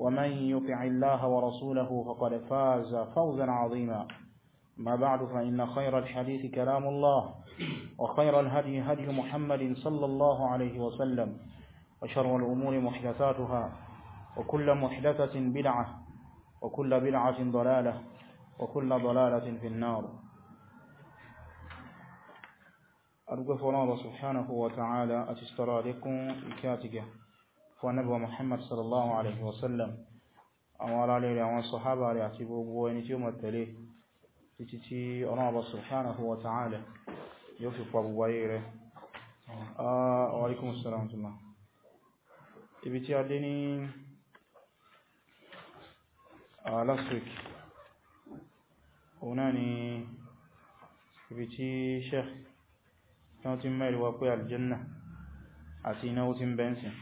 ومن يطع الله ورسوله فقد فاز فوزا عظيما ما بعد فإن خير الحديث كلام الله وخير الهدي هدي محمد صلى الله عليه وسلم وشر الأمور محدثاتها وكل محدثة بدعة وكل بدعة ضلالة وكل ضلالة في النار أرجو الله سبحانه وتعالى أتسترى لكم إكاتكه fọ́nàbọ̀ Muhammad sallallahu alaihi wasallam àwọn ará lẹ́rẹ̀ àwọn sọ̀hábà rẹ̀ àti gbogbo ẹni tí ó mọ̀ tẹ̀lé títí tí ọlọ́ọ̀bá subhanahu wa ta'ala yóò fi pa gbogbo ayé rẹ̀ wa alaikum assalam ibi tí a dé ní last week òun náà ni ibi tí sheikh náà ti mẹ́rin wá pé aljanna àti iná ó ti ń bẹ́ǹsìn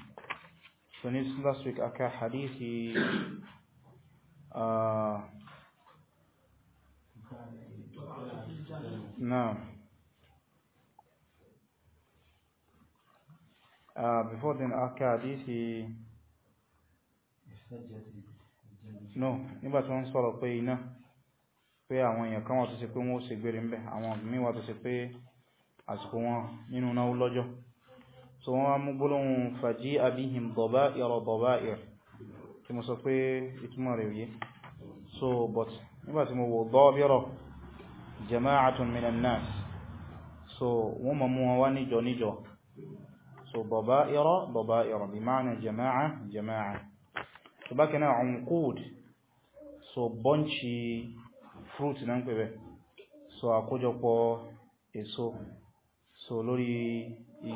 So last week aka hadithi uh, now uh, before then aka hadithi no nígbà tí wọ́n sọ̀rọ̀ pé iná pé àwọn èèyàn kan wà tó ṣe pé wọ́n ó ṣe gbére ń bẹ àwọn míì wà tó ṣe pé àsìkò wọn nínú náà lọ́jọ́ so wọ́n wá mú gbólóhùn fàjí àbíhìm dọ̀bá ìrọ̀ dọ̀bá ìr tí mo sọ pé ìtumọ̀ rẹ̀ yé so but nígbàtí mo wò dọ́bírọ̀ jama'atun minan nas so wọ́n ma mú wọn wá níjọ níjọ so dọ̀bá ìrọ̀ dọ̀bá ìrọ̀ bí ma'ana jama'a jama'a so bákan náà unqud so bọ́nci fruit náà pẹ̀bẹ̀ so àkójọpọ̀ èso so lórí E,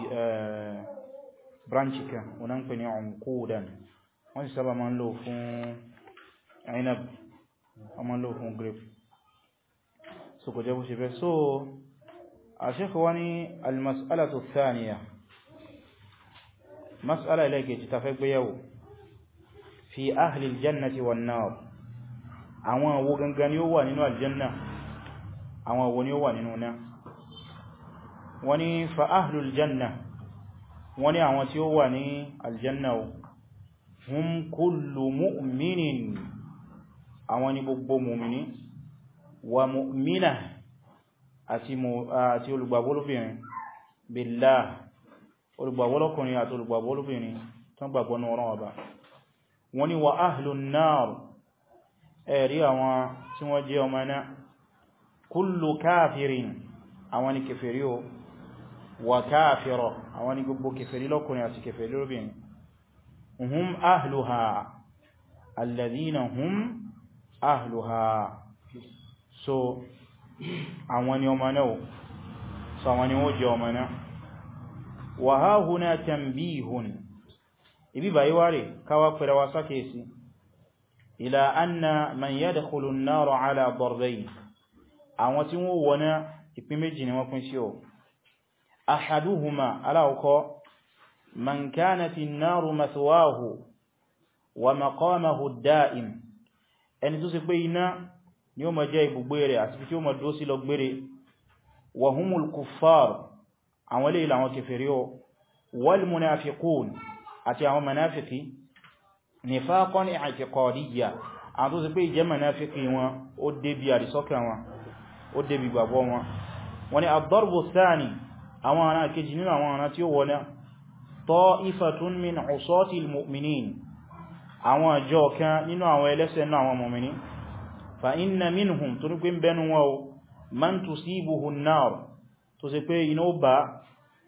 branch kan wọn ń pè ní unqudan wọ́n sì sábà máa ń lò fún inab wọ́n máa ń lò fún grape so kò jẹ́ bó ṣe fẹ́ so al-sheikh wá al-mas'alatu thaniya mas'ala ilẹ́gẹ̀ẹ́jì ta fẹ́ gbéyàwó fi ahli al-jannati wan-nar àwọn àwo gangan ni ó wà nínú aljanna àwọn àwo ni ó wà nínú náà wọ́n ni fa ahlul janna wọ́n ni àwọn tí ó wà ní aljanna hum kullu mu'minin àwọn ni gbogbo mu'mini wa mu'mina àti olùgbàgbọ́lóbìnrin billah olùgbàgbọ́lọ́kùnrin àti olùgbàgbọ́lóbìnrin tán gbàgbọ́ ní ọ̀rọ̀ ọba wọ́n ni wa ahlun nar ẹ̀rí àwọn tí wọ́n jẹ́ ọmọ náà kullu kafirin àwọn ni kèfèrí o wa kafiro àwọn ni gbogbo kèfèrí lọ́kùnrin àti kèfèrí lóbìnrin hum ahluha alladhina hum ahluha so àwọn ni ọmọ náà so àwọn ni ó jẹ ọmọ náà wa ha huna tanbihun ibi báyí wáre káwà pẹ̀rẹ̀ wa sákèsí ila anna man yadkhulu an-nar ala darbayn àwọn tí wọ́n wọ́n náà ìpín méjì ni wọ́n pín sí o ahaduhuma aláwọ̀kọ́ man kánàtí náàrù maswahu wa maqamahu da'im ẹni tó sì pé iná ni ó ma jẹ́ ibùgbé rẹ̀ àti tí ó ma dó sí lọ gbére wa humul kuffar àwọn ilé ìlànà kèfèrí o wal munafiqun àti àwọn manafiki nifaqan i'tiqadiyya àwọn tó sì pé ìjẹ́ manafiki wọn ó débi àdìsọ́kà wọn ó débi gbàgbọ́ wọn wani ad-darbu thani àwọn ará kejì nínú àwọn ará tí ó wọlé ta'ifatun min usati al-mu'minin àwọn àjọ kan nínú àwọn ẹlẹ́ṣẹ̀ náà àwọn mọ̀mìnì fa inna minhum tó ní pé ń bẹnu wọn o man tusibuhu an-nar tó ṣe pé iná bá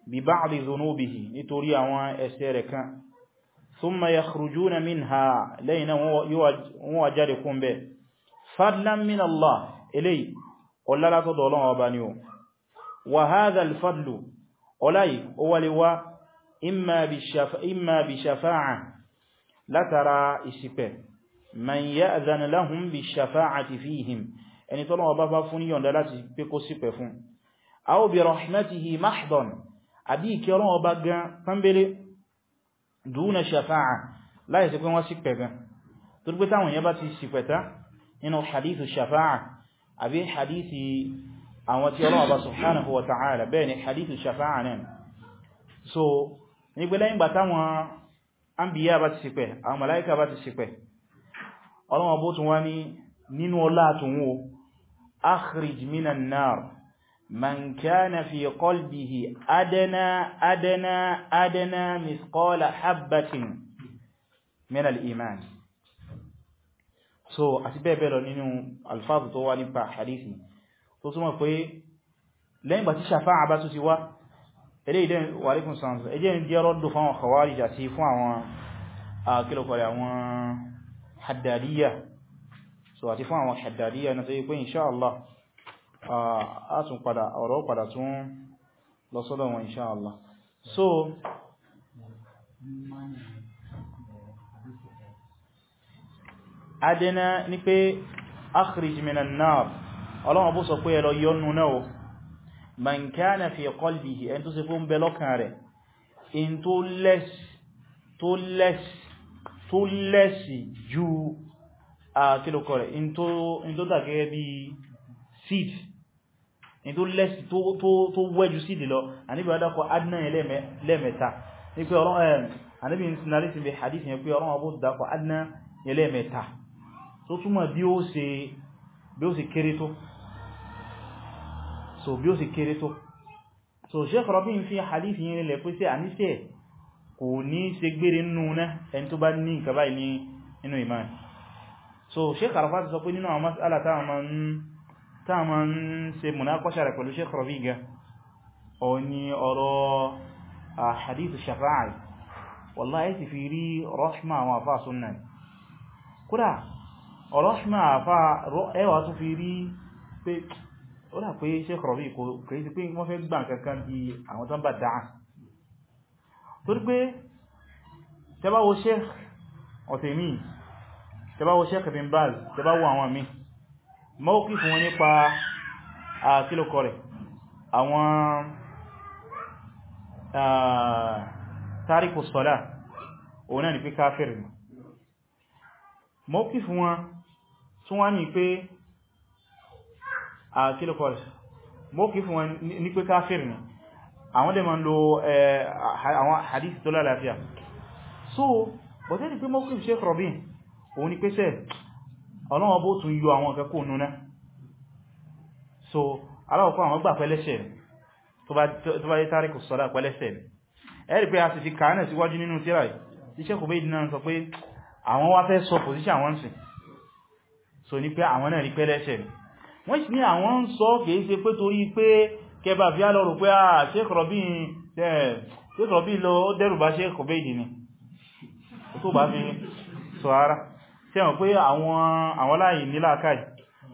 bi ba'di dhunubihi nítorí àwọn ẹ̀ṣẹ̀ rẹ̀ kan thumma yakhrujuna minha lẹ́yìn wọ́n wà jáde kún bẹ́ fadlan min Allah eléyìí ọlá látọ̀dọ̀ Ọlọ́run ọba ni o وهذا الفضل أولي أولي إما, بشفاعة إما بشفاعة لا ترى إسفة من يأذن لهم بالشفاعة فيهم يعني طلع بابا فنيون لا تبقوا سفة فن أو برحمته محضا أبي كيرون بابا تنبلي دون شفاعة لا يسكون وسفة تربطان يباتي سفة إنه حديث الشفاعة أبي حديث àwọn tí Ọlọ́run bá subhanahu wa ta'ala bẹ́ẹ̀ ni hadithu shafa'a náà so ní pé lẹ́yìn gbàtà wọn anbiya bá ti ṣìpẹ̀ àwọn malaika bá ti ṣìpẹ̀ Ọlọ́run bó tún wá ní nínú ọlá àtúnwò akhrij minan so àti bẹ́ẹ̀ bẹ́ẹ̀ lọ nínú alfazu tó wà nípa hadisi tó túnmọ̀ pé lẹ́yìn bàtí ṣàfáà bá tó ti wá ẹ̀lẹ́ ìdẹ́ wàríkùn sans ẹjẹ́ ń jẹ́ rọ́dù fún àwọn khawarij àti fún àwọn akílọ̀kọ̀rẹ̀ àwọn haddadiyya so àti fún àwọn haddadiyya na tó yí pé insha Allah a tún so adẹ́na ní pé akhrij minan nar ọlọ́wọ́n bó sọ pé ẹlọ yọnu náà o man kana fi qalbihi ẹni tó ṣe fún bẹ lọ́kàn rẹ̀ in tó lẹ́s tó lẹ́s tó lẹ́sì ju àkílùkọ rẹ̀ in tó dàgẹ́ bí seed in tó lẹ́sì tó wẹ́jú seed lọ àníbí adákọ̀ adnan lẹ́mẹ̀ta ní pé ọ̀rọ̀ àníbí sinarisi bí hadith yẹn pé ọ̀rọ̀ ọbọ̀ ó ṣe kéré tó so bí ó sì kéré tó so Sheikh Rabi fi hadith yìí lè pé sí àníṣẹ́ kò ní ṣe gbére nínú náà ẹni tó bá ní nǹkan báyìí ní inú iman so Sheikh Arafat sọ pé nínú àwọn mas'ala táwọn ma ń ṣe munakasha rẹ̀ pẹ̀lú ọ̀rọ̀ hadith àfá ẹwà tó fi rí pé ó dà pé Sheikh Rabi kò kìí sí pé wọ́n fẹ́ gbà kankan bí àwọn tán bá dáa torí pé tẹbáwo Sheikh ọ̀tẹ̀mí tẹbáwo Sheikh bin Baz tẹbáwo àwọn mi mọ́kí fún wọn nípa àkílòkọ rẹ̀ àwọn tariku sọ́lá òun náà ni pé káfírin mọ́kí fún wọn tún wá ní pé kílùkọ́s mọ́kí fún wọn ní pé káfíìr ni àwọn dẹ̀ ma ń lo àwọn hadith tó lálàáfíà so bọ̀ tẹ́ ni pé mọ́kí Sheikh Rabi òun ni pé sẹ́ ọlọ́wọ́ bó tún yọ àwọn akẹ́kọ̀ọ́ núná so aláwọ̀kọ́ àwọn gbà pẹ́lẹ́ṣẹ̀ tó bá yẹ tárikù sọ́lá pẹ́lẹ́ṣẹ̀ ẹ̀rì pé a sì fi kàánà síwájú nínú tíra iṣẹ́ kò bẹ́ ìdínà sọ pé àwọn wá fẹ́ sọ pòsíṣà wọ́n sì so ní pé àwọn náà rí pẹ́lẹ́ṣẹ̀ ni wọ́n sì ní àwọn ń sọ kìí ṣe pé torí pé kẹba fi alọ́rù pé à ah, Sheikh Rabi lọ dẹ́rùbá Sheikh Obeidi ni tó bá fi sọ ara tí wọ́n pé àwọn láì níláàkàì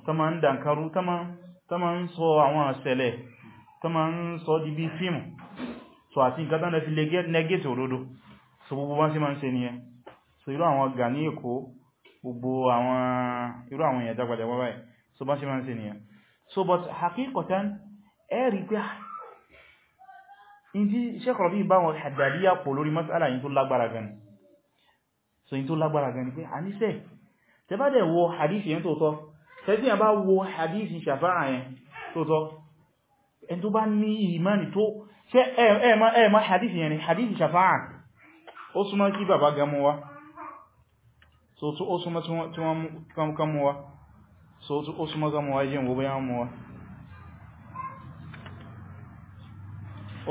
tó ma ń dankaru tó ń sọ àwọn ṣẹlẹ̀ tó ń sọ di fíìmù so àti nǹkan tán lè fi negate so gbogbo bá so irú àwọn gà ní èkó gbogbo àwọn irú àwọn èèyàn dágbàdàgbà so bá ṣe máa ń ṣe nìyàn so but hakikotan ẹ̀rí pé in ti ṣẹ́kọ̀rọ̀ bí báwọn Haddadiyya pọ̀ lórí mas'ala yìí tó lágbára gan so yìí tó lágbára gan pé a níṣẹ́ tẹ bá dẹ̀ wo hadith yẹn tó tọ́ tẹ́tí yẹn bá wo hadith ṣàfáà yẹn tó tọ́ ẹn tó bá ní ìmáni tó ṣe ẹ̀ẹ̀má hadith ni hadith ṣàfáà ó súnmọ́ kí bàbá gamuwa so ó súnmọ́ tí wọ́n kí wọ́n kí so ó súnmọ́ gámọ́ wáyé ìwò bóyá mọ́ wá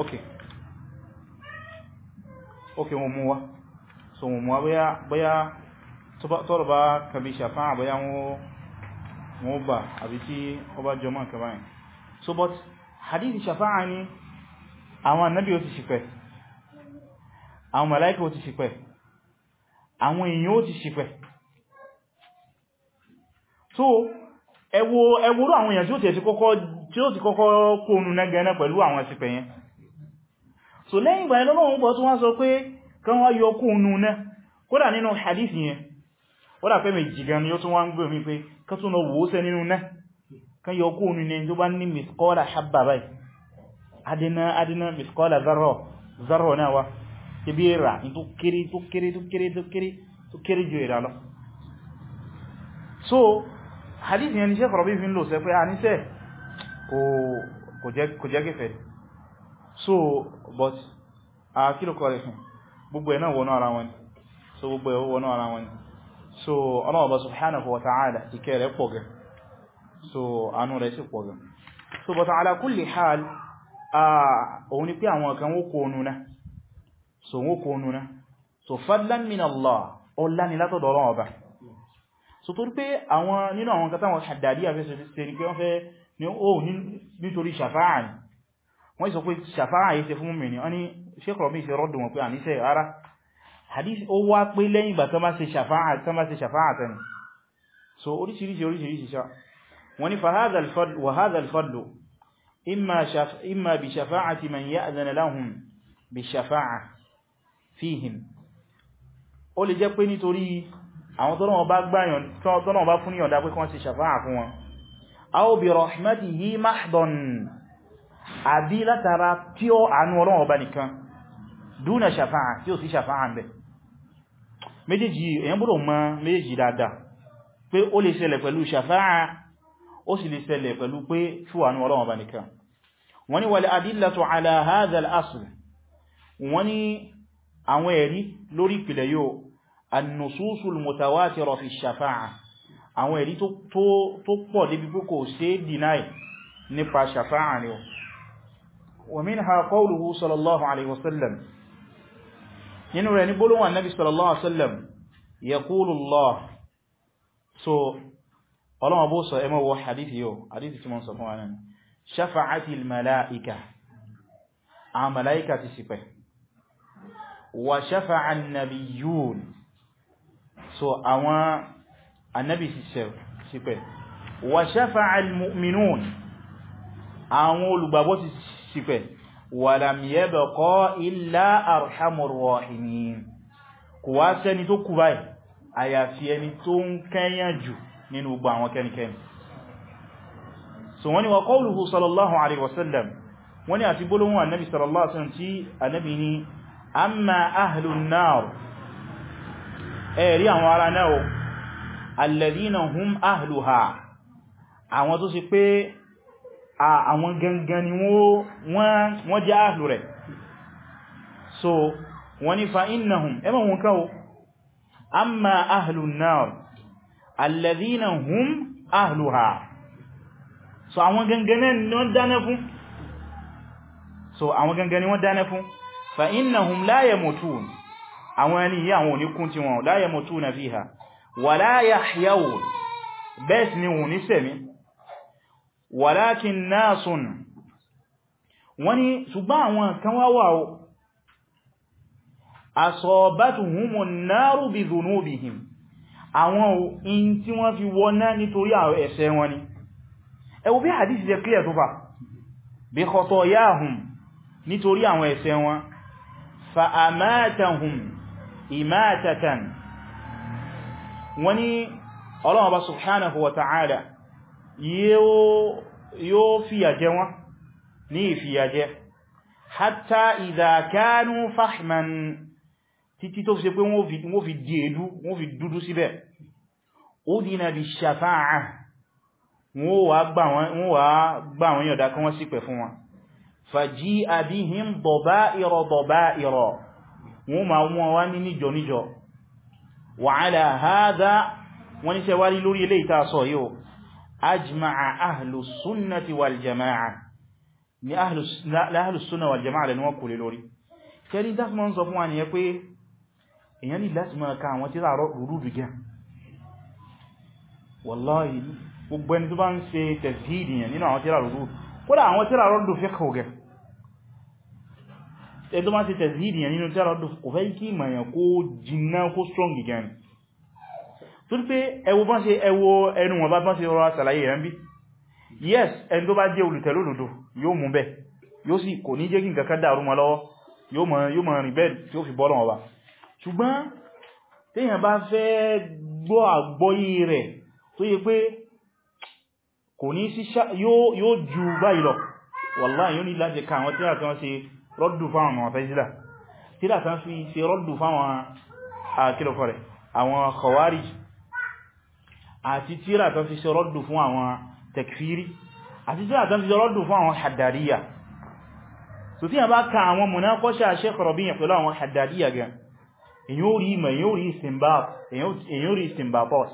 ok ok wọ́n mú wá so wọ́n mú wá bóyá tọ́rọ bá kàbí ṣàfán àbóyá wọ́n bà àbí tí ó bá jọmọ́ kàbáyìn so but hadith ṣàfán ni àwọn annabi ó ti ṣìpẹ̀ àwọn màláíkà ó ti ṣìpẹ̀ àwọn èèyàn ó ti ṣìpẹ̀ so ẹwòrò àwọn èèyàn tí ó ti kọ́kọ́ kóònù nẹ́gẹ̀ẹ́nẹ́ pẹ̀lú àwọn ẹ̀sìpẹ̀ yẹn so lẹ́yìn ìgbà ẹlọ́lọ́wọ́n gbọ́ tó wọ́n sọ pé kan wá yọ kóònù náà kódà nínú hadith yẹn wọ́n dàpẹ́ méjì gan ni ó tún wá pé kan tún hadith yẹn ni Sheikh Rabi' fi ń lò sẹ pé a níṣẹ́ kò jẹ́ gẹ́fẹ́ so but a kílò kọ́ rẹ̀ fún gbogbo ẹ̀ wọnú ara wọn so gbogbo ẹ̀ wọnú ara wọn so ọlọ́ọ̀bá subhanahu wa ta'ala ìkẹ́ rẹ̀ pọ̀ gẹ̀ so anú rẹ̀ sì pọ̀ gẹ̀ so but ala kulli hal òun ni pé àwọn kan wó kó nuna so wó kó nuna so fadlan min Allah ọlá ni látọ̀dọ̀ ọlọ́ọ̀bá so torí pé àwọn nínú àwọn kátà wọn Haddadi àfẹ́sẹ̀ rí pé wọ́n fẹ́ oh, ní ó nítorí ṣàfáà ní wọ́n sọ pé ṣàfáà yìí ṣe fún mìírí wọ́n ni ṣékọ̀ọ́ mi ṣe rọ́dùn wọn pé àníṣẹ́ ara hadith ó wá pé lẹ́yìn ìgbà tán bá ṣe ṣàfáà tẹ́ni so oríṣiríṣi oríṣiríṣi ṣá wọ́n ni fahadha al-fadlu imma bi shafa'ati man ya'dhana lahum bi shafa'a fihim ó lè jẹ́ pé nítorí àwọn tọ́lọ́wọ́ bá gbáyàn tọ́lọ́wọ́ bá fún níyànda pé kí wọ́n ṣe ṣàfáà fún wọn aw bi rahmatihi mahdon àbí látara tí ó àánú ọlọ́wọ́ bá nìkan dúnà ṣàfáà tí ó sì ṣàfáà ń bẹ̀ méjèèjì èyàn búrò mọ́ méjèèjì dáadáa pé ó lè ṣẹlẹ̀ pẹ̀lú ṣàfáà ó sì lè ṣẹlẹ̀ pẹ̀lú pé fún àánú ọlọ́wọ́ bá nìkan wọ́n ni wal adillatu ala hadha wọ́n ni àwọn ẹ̀rí lórí ìpìlẹ̀ yóò النصوص المتواترة في الشفاعة àwọn ẹ̀rí tó pọ̀ débi pé kò ṣe dìnáì nípa ṣàfáà ni ó wa minha qawluhu sallallahu alaihi wasallam nínú rẹ̀ ní gbólóhùn annabi sallallahu alaihi wasallam yaqulu Allah so ọlọ́wọ́ bó sọ ẹmọ́ wọ hadithi yóò hadithi tí ti sipẹ̀ wa so àwọn annabi sípẹ̀ wa shafa'a al-mu'minun àwọn olùgbàgbọ́ ti sípẹ̀ wa lam yabqa illa arhamur rahimin kò wá sẹ́ni tó kù báyìí àyàfi ẹni tó ń kẹ́yàn jù nínú gbogbo àwọn kẹ́nikẹ́ni so wọ́n ni wa qawluhu sallallahu alaihi wasallam wọ́n ni àti gbólóhùn annabi sallallahu alaihi wasallam tí annabi ni amma ahlun nar ẹ̀rí àwọn ará náà alladhina hum ahluha àwọn tó sì pé àwọn gangan ni wọ́n jẹ́ ahlu rẹ̀ so wọ́n ni fa innahum ẹmọ̀ wọn káwọ́ amma ahlu an-nar alladhina hum so àwọn gangan ni wọ́n dáná fún so àwọn gangan ni wọ́n dáná fún fa innahum la yamutun àwọn ẹni yí àwọn oníkún tí wọn la yamutuna fiha wala yahyawun bẹ́ẹ̀sì ni wọn ní sẹ̀mí walakin nasun wọ́n ni ṣùgbọ́n àwọn kan wá wà ó asabatuhumun naru bi bí hadith àwọn fa amatahum ìmáàtàtàn wọ́n ni ọlọ́wọ́ bá subhanahu wa ta'ala yóò fìyàjẹ wọn ní ìfìyàjẹ hatta idha kanu fahman títí tó fi ṣe pé wọ́n fi di èdú wọ́n fi dúdú síbẹ̀ udina bi shafa'a wọ́n wà gbà wọ́n yọ̀dá kan wọ́n sípẹ̀ fún wọn faji'a bihim daba'ira daba'ira wọ́n ma wọ́n wá ní níjọ níjọ wa ala hadha wọ́n ní sẹ́wárí lórí ilé ìta sọ yóò ajma'a ahlus sunnati wal jama'a ni ahlus sunna wal jama'a lẹ́nu wọ́n kúrè lórí kẹrin dákùn mọ́ ń sọ fún wa nìyẹn pé èyàn ní láti máa ka àwọn tírà rúrúdù gan wallahi gbogbo ẹni tó bá ń ṣe tẹ̀síìdì yẹn nínú àwọn tírà rúrúdù kódà àwọn ẹ̀tọ́ bá ti tẹ̀síìdì yẹn nínú tẹ́rọ kò fẹ́ kí ìmọ̀ kó jìnnà kó strong again. tó ní pé ẹwọ bá ṣe ẹwọ ẹnu wọn bá bá ṣe rọra ṣàlàyé rẹ̀ ń bí yes ẹni tó bá jẹ́ olùtẹ̀lódòdó yóò mú bẹ́ yóò sì kò ní jẹ́ kí nǹkan kan dàrú mọ́ lọ́wọ́ yóò mọ̀ rìn bẹ́ẹ̀ tí ó fi bọ́lọ̀ ọba ṣùgbọ́n téèyàn bá rọ́dù fáwọn ọmọ fẹ́sílà tíra tán fi ṣe rọ́dù fáwọn àkílọ̀fọ́rẹ̀ àwọn khawarij àti tíra tán fi ṣe rọ́dù fún àwọn tekfiri àti tíra tán fi ṣe rọ́dù fún àwọn haddariya so tí a bá ka àwọn munakọ́ṣà Sheikh Rabi' pẹ̀lú àwọn haddariya gan èyí ó rí ìmọ̀ èyí ó rí istinbat èyí ó rí istinbatos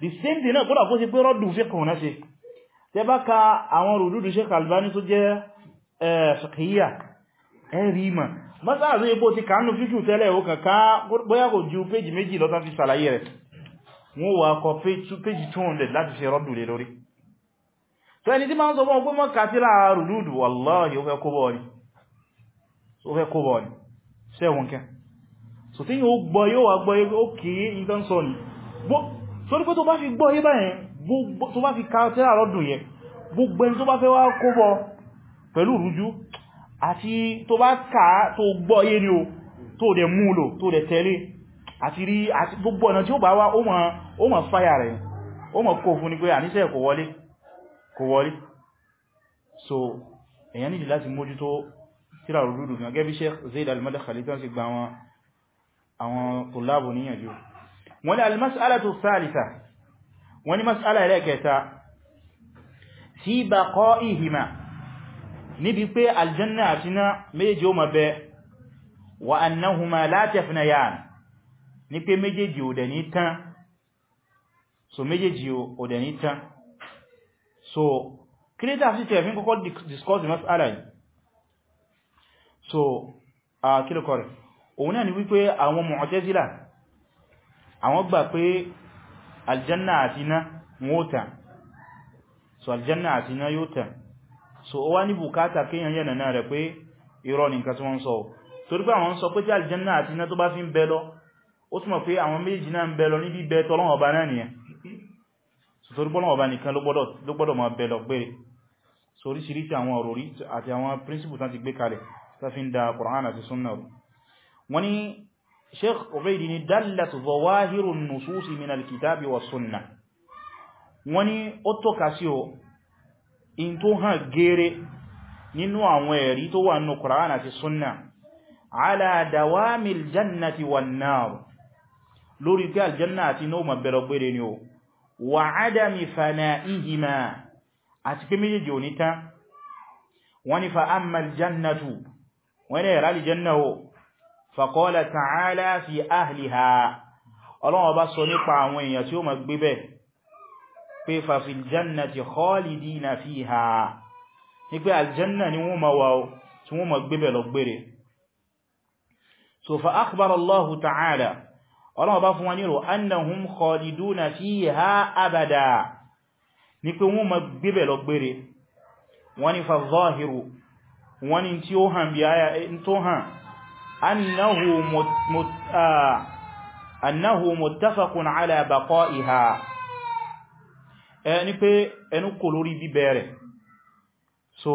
the same thing náà kódà kó ṣe pé tó jẹ́ eh, fiqhiyya ẹ̀rí ìmọ̀ mọ́sáàzí epo ti kàánù fíkù tẹ́lẹ̀ ó kàká bóyá kò ju péjì méjì lọ́ta fi sàlàyé rẹ̀ wọ́n wà kọ péjì 200 láti fi rọ́dù lè lórí tó ẹni tí máa ń sọ fún ọgbọ́n kàtílà rùdùdù wallahi ó fẹ́ kó bọ̀ ní sẹ́wọ̀n kẹ́ so tí yóò gbọ́ yóò wà gbọ́ yóò kìí nǹkan sọ ní tó ní pé tó bá fi gbọ́ yé báyẹn tó bá fi kàtílà rọ́dù yẹn gbogbo ẹni tó bá fẹ́ wá kó bọ̀ pẹ̀lú rújú àti tó bá kà tó gbọ́ yé ni o tó dẹ̀ múlò tó dẹ̀ tẹ̀lé àti rí àti gbogbo ọ̀nà tí ó bá wá ó mọ̀ fáyà rẹ̀ ó mọ̀ kó fún ni pé àníṣẹ́ kò wọlé kò wọlé so èyàn nìdí láti mójútó tíra rúrúdù gan gẹ́bí níbi pé aljanna àti iná méjèèjì ó ma bẹ wa annahuma la tafnayan ní pé méjèèjì ò dẹ̀ ní tán so méjèèjì ò dẹ̀ ní tán so creator sí tẹ̀fín kọ́kọ́ discuss the mas'ala yìí so kílùkọ́ rẹ̀ òun náà ni wípé àwọn Mu'tazila àwọn gbà pé aljanna àti iná wọ́n so aljanna àti iná yóò tàn so ó wá ní bùkátà kéèyàn yẹ̀nà náà rẹ̀ pé irọ́ ni nǹkan tí wọ́n sọ torí pé àwọn sọ pé tí aljanna àti iná tó bá fi ń bẹ lọ ó túnmọ̀ pé àwọn méjì náà ń bẹ lọ ní bí bẹ tọ́lọ́wọ̀n ọba náà nìyẹn so torí pọ́lọ́wọ̀n ọba nìkan ló gbọ́dọ̀ máa bẹ lọ gbére so oríṣiríṣi àwọn ọ̀rọ̀ rí àti àwọn príncipù tán ti gbé kalẹ̀ tá fi da Qur'an àti sunna rú Sheikh Ubaidi ni dallat zawahirun nususi min alkitabi wa sunna wọ́n ní ó tọ́ka in tó hàn gẹ́rẹ́ nínú àwọn ẹ̀rí tó wà nínú Qur'an àti sunna ala dawamil jannati wan nar lórí pé aljanna àti náà ma bẹ̀rẹ̀ gbére ni o wa adami fana'ihima àti pé méjèèjì òní tán wọ́n fa amma aljannatu wọ́n ni ìrálì o fa qala ta'ala fi ahliha ọlọ́wọ́ bá sọ nípa àwọn èèyàn tí ó ma gbé bẹ́ẹ̀ pé fàfil jannati khalidina fiha ní pé aljanna ni wọ́n ma wà ó tí wọ́n ma gbébẹ̀ lọ gbére so fa akhbar allahu ta'ala ọlọ́wọ́ bá fún wa níro annahum khaliduna fiha abada ní pé wọ́n ma gbébẹ̀ lọ gbére wọ́n ni fa zahiru wọ́n ni tí ó hàn bí aya tó hàn ah, annahu muttafaqun ala baqaiha ẹni pé ẹnu kò lórí bíbẹ̀ rẹ̀ so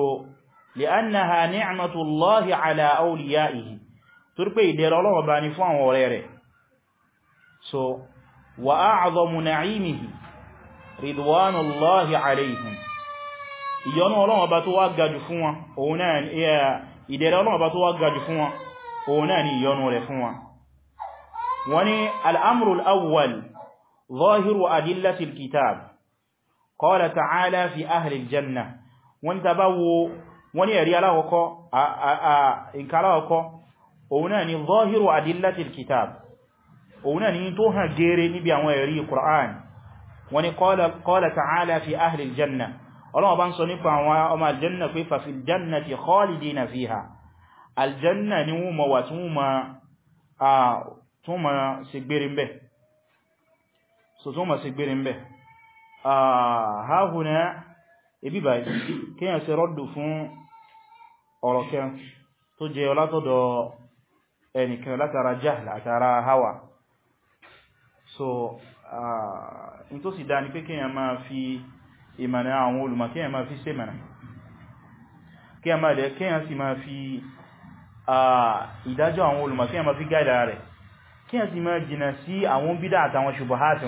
li'annaha ni'matullahi ala awliya'ihi torí pé ìdẹ̀rẹ̀ Ọlọ́run bá ní fún àwọn ọ̀rẹ́ rẹ̀ so wa a'zamu na'imihi ridwanullahi alayhim ìyọ́nú Ọlọ́run bá tó wá gajù fún wọn òun ni ìdẹ̀rẹ̀ Ọlọ́run bá tó wá gajù fún wọn òun náà ni ìyọ́nú rẹ̀ fún wọn wọ́n ni al'amurul qala ta'ala fi ahli aljanna wọ́n ta bá wo wọ́n ní ẹ̀rí aláwọ̀kọ́ ìkàláwọ̀kọ́ òun náà ni zahiru adillatil kitab òun náà ni tó hàn gẹ́rẹ́ níbi àwọn ẹ̀rí Qur'an wọ́n ní qala ta'ala fi ahli aljanna ọlọ́wọ́ bá ń sọ nípa àwọn ọmọ aljanna pé ààhùnà ibi báyìí kíyàn sí rọ́dù fún ọ̀rọ̀ kẹrin tó jẹ látọ̀dọ̀ ẹnìkan látara jahl àtara hawa so ah, in tó sì dá ní pé máa fi ìmànà àwọn olùmọ̀ kíyàn máa fi sèmànà kíyàn máa dẹ̀ kíyàn sì máa fi ìdájọ́ ah, àwọn olùmọ̀ kíyàn máa fi gáìdà rẹ̀ kíyàn sì máa jìnà sí àwọn bídá àtàwọn ṣubuhati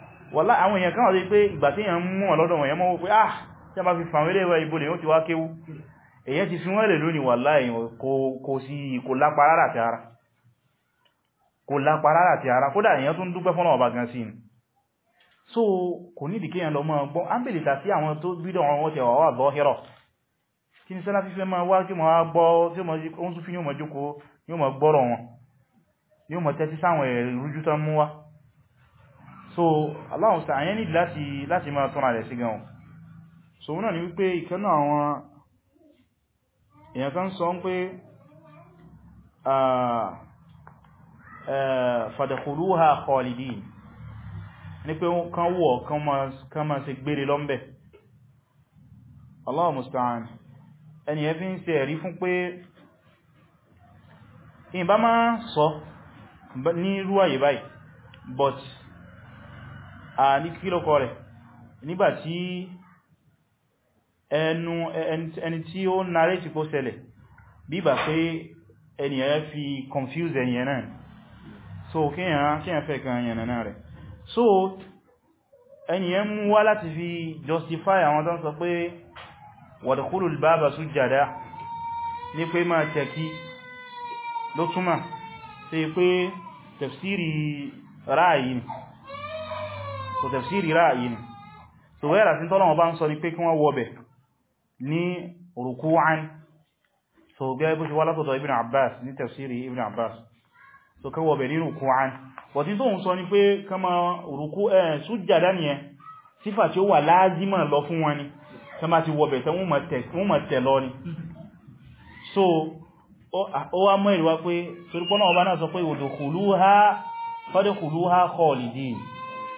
wọ́lá àwọn èèyàn kan wà sí pé ìgbà tí èèyàn mú ọ̀lọ́dọ̀ wọ̀nyẹn mọ́ pé ah tí a bá fi fàwọn ilé ìwọ̀ ìbòlè yóò ti wá kéwú èèyàn ti sún wẹ́lẹ̀ lónìí wàlá èèyàn kò sí kò lápa rárá ti ara kò lápa rárá ti ara kódà èèyàn tún dúpẹ́ fọ́nà ọba gan sí ni so kò nídìí kéèyàn lọ máa gbọ́ ámbèlè tàbí àwọn tó bídọ̀ wọn ti wà wà bọ́ hẹ́rọ̀ kí ni sẹ́lá fífẹ́ máa wá kí mọ̀ á gbọ́ tí ó mọ̀ jókòó yóò mọ̀ gbọ́rọ̀ wọn yóò mọ̀ tẹ́tí sáwọn ẹ̀rùjútọ́ mú wá so Allahu ta'ala yẹn ní láti láti máa tọ́nà rẹ̀ sí gan so wọ́n náà ni wípé ìkẹ́nà àwọn èyàn kan sọ ń pé fadkhuluha khalidin ní pé kan wọ̀ kan ma ṣe gbére lọ́mbẹ̀ Allahu musta'an ẹni ẹbí ń ṣe ẹ̀rí fún pé ìbá máa sọ ní irú àyè báyìí but a ní kílọ́kọ rẹ̀ nígbàtí ẹnu ẹni tí ó narrate pó ṣẹlẹ̀ bíbà pé ẹniyàn fi confuse ẹniyàn náà so kíyàn fẹ́ kan ẹniyàn náà rẹ̀ so ẹniyàn mú wá láti fi justify àwọn tán sọ pé wàdàkúrù bàbà sujjada ní pé máa tẹ̀kí ló túnmà sí pé tafsiri ráyìí so tafsiri ra'ayi ni so wẹ́ra sí tọ́lọ́wọ́ bá ń sọ ní pé kí wọ́n wọ́bẹ̀ ní ruku'an so gẹ́gẹ́ bó ṣe wá látọ̀tọ̀ ibn abbas ní tafsiri ibn abbas so kí wọ́bẹ̀ ní ruku'an but tí tó ń sọ ní kama ruku ẹ̀ eh, sujjada ni ẹ sífà tí ó wà láàzímọ̀ lọ fún wọn ni kama ti wọ́bẹ̀ tẹ́ wọ́n mọ̀ tẹ̀ lọ ni so ó wá mọ́ ìrìwá pé torípọ́nà ọba náà sọ pé òdòkùlú ha khalidin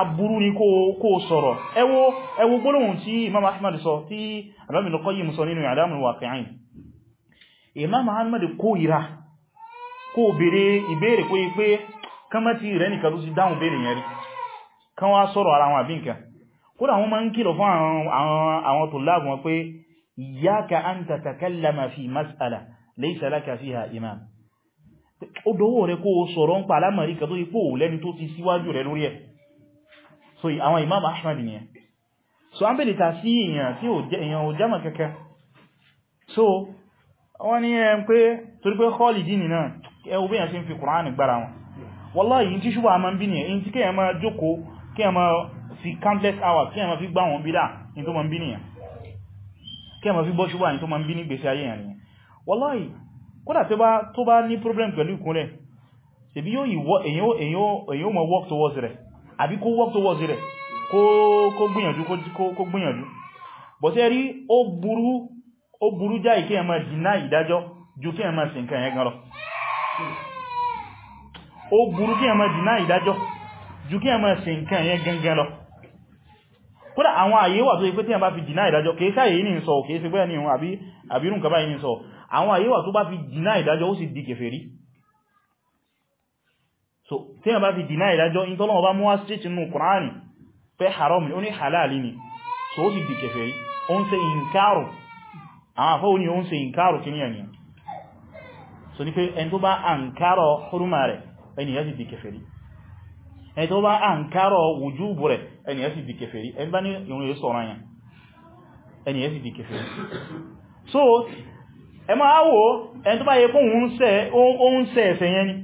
aburú ní kó sọ̀rọ̀ ẹwọ ẹwọ gbólóhùn tí imam ahmad sọ tí alamil qayyim sọ nínú i'lamul waqi'in imam ahmad kó ìra kó bèèrè ìbéèrè kó yí pé kámátì rẹ̀ nìkan ló ti dáhùn bèèrè yẹn rí kan wá sọ̀rọ̀ ara wọn àbínkà kódà wọn máa ń kìlọ̀ fún àwọn tòláàbù wọn pé iyyaka an tatakallama fi mas'ala laysa laka ó dọwọ́ rẹ̀ kó sọ̀rọ̀ ń pa alámàrí ipò lẹ́ni tó ti síwájú rẹ̀ lórí ẹ̀ so àwọn imam ahmad ni so an bèèrè ta sí èyàn tí èyàn ò jama kẹ́kẹ́ so wọ́n ni ẹ̀ pé torí pé khalidi ni náà ẹwọ bí èyàn sí ń fi kùránì gbára wọn wallahi tí ṣubá ma ń bí ní èyí tí kẹ́yàn máa jókòó kẹ́yàn máa fi countless hours kẹ́yàn máa fi gbá wọn bídá ní tó ma ń bí níyàn kẹ́yàn máa fi bọ́ ṣubá ní tó ma ń bí ní àbí kó work towards rẹ̀ kó gbìyànjú kó gbìyànjú bọ̀ tẹ́ rí ó burú ó burú jáì kí ẹmọ dìná ìdájọ́ ju kí ẹmọ sí nǹkan ẹgan lọ ó burú kí ẹmọ dìná ìdájọ́ ju kí ẹmọ sí nǹkan ẹyẹ gangan lọ kódà àwọn àyè wà tó ipé tí a bá fi dìná ìdájọ́ kìí sáyé ní sọ kìí sí pẹ́ ní àbírùn kaba ní sọ àwọn àyè wà tó bá fi dìná ìdájọ́ ó sì di kèfèrí so tí a bá fi dìná ìdájọ́ in tọ́lọ́wọ́ bá mú wá straight inú Kùránì pé haram ni ó ní halali ni so ó sì di kèfèrí ó ń ṣe inkaru àwọn afọ́ ni ó ń ṣe inkaru kí ní ẹ̀yàn so ní pé ẹni tó bá àǹkárọ̀ hurma rẹ̀ ẹni yẹ́ sì di kèfèrí ẹni tó bá àǹkárọ̀ wujubu rẹ̀ ẹni yẹ́ so ẹ máa wò ẹni tó bá yẹ kóhun ń ṣe ẹ̀ṣẹ̀ ni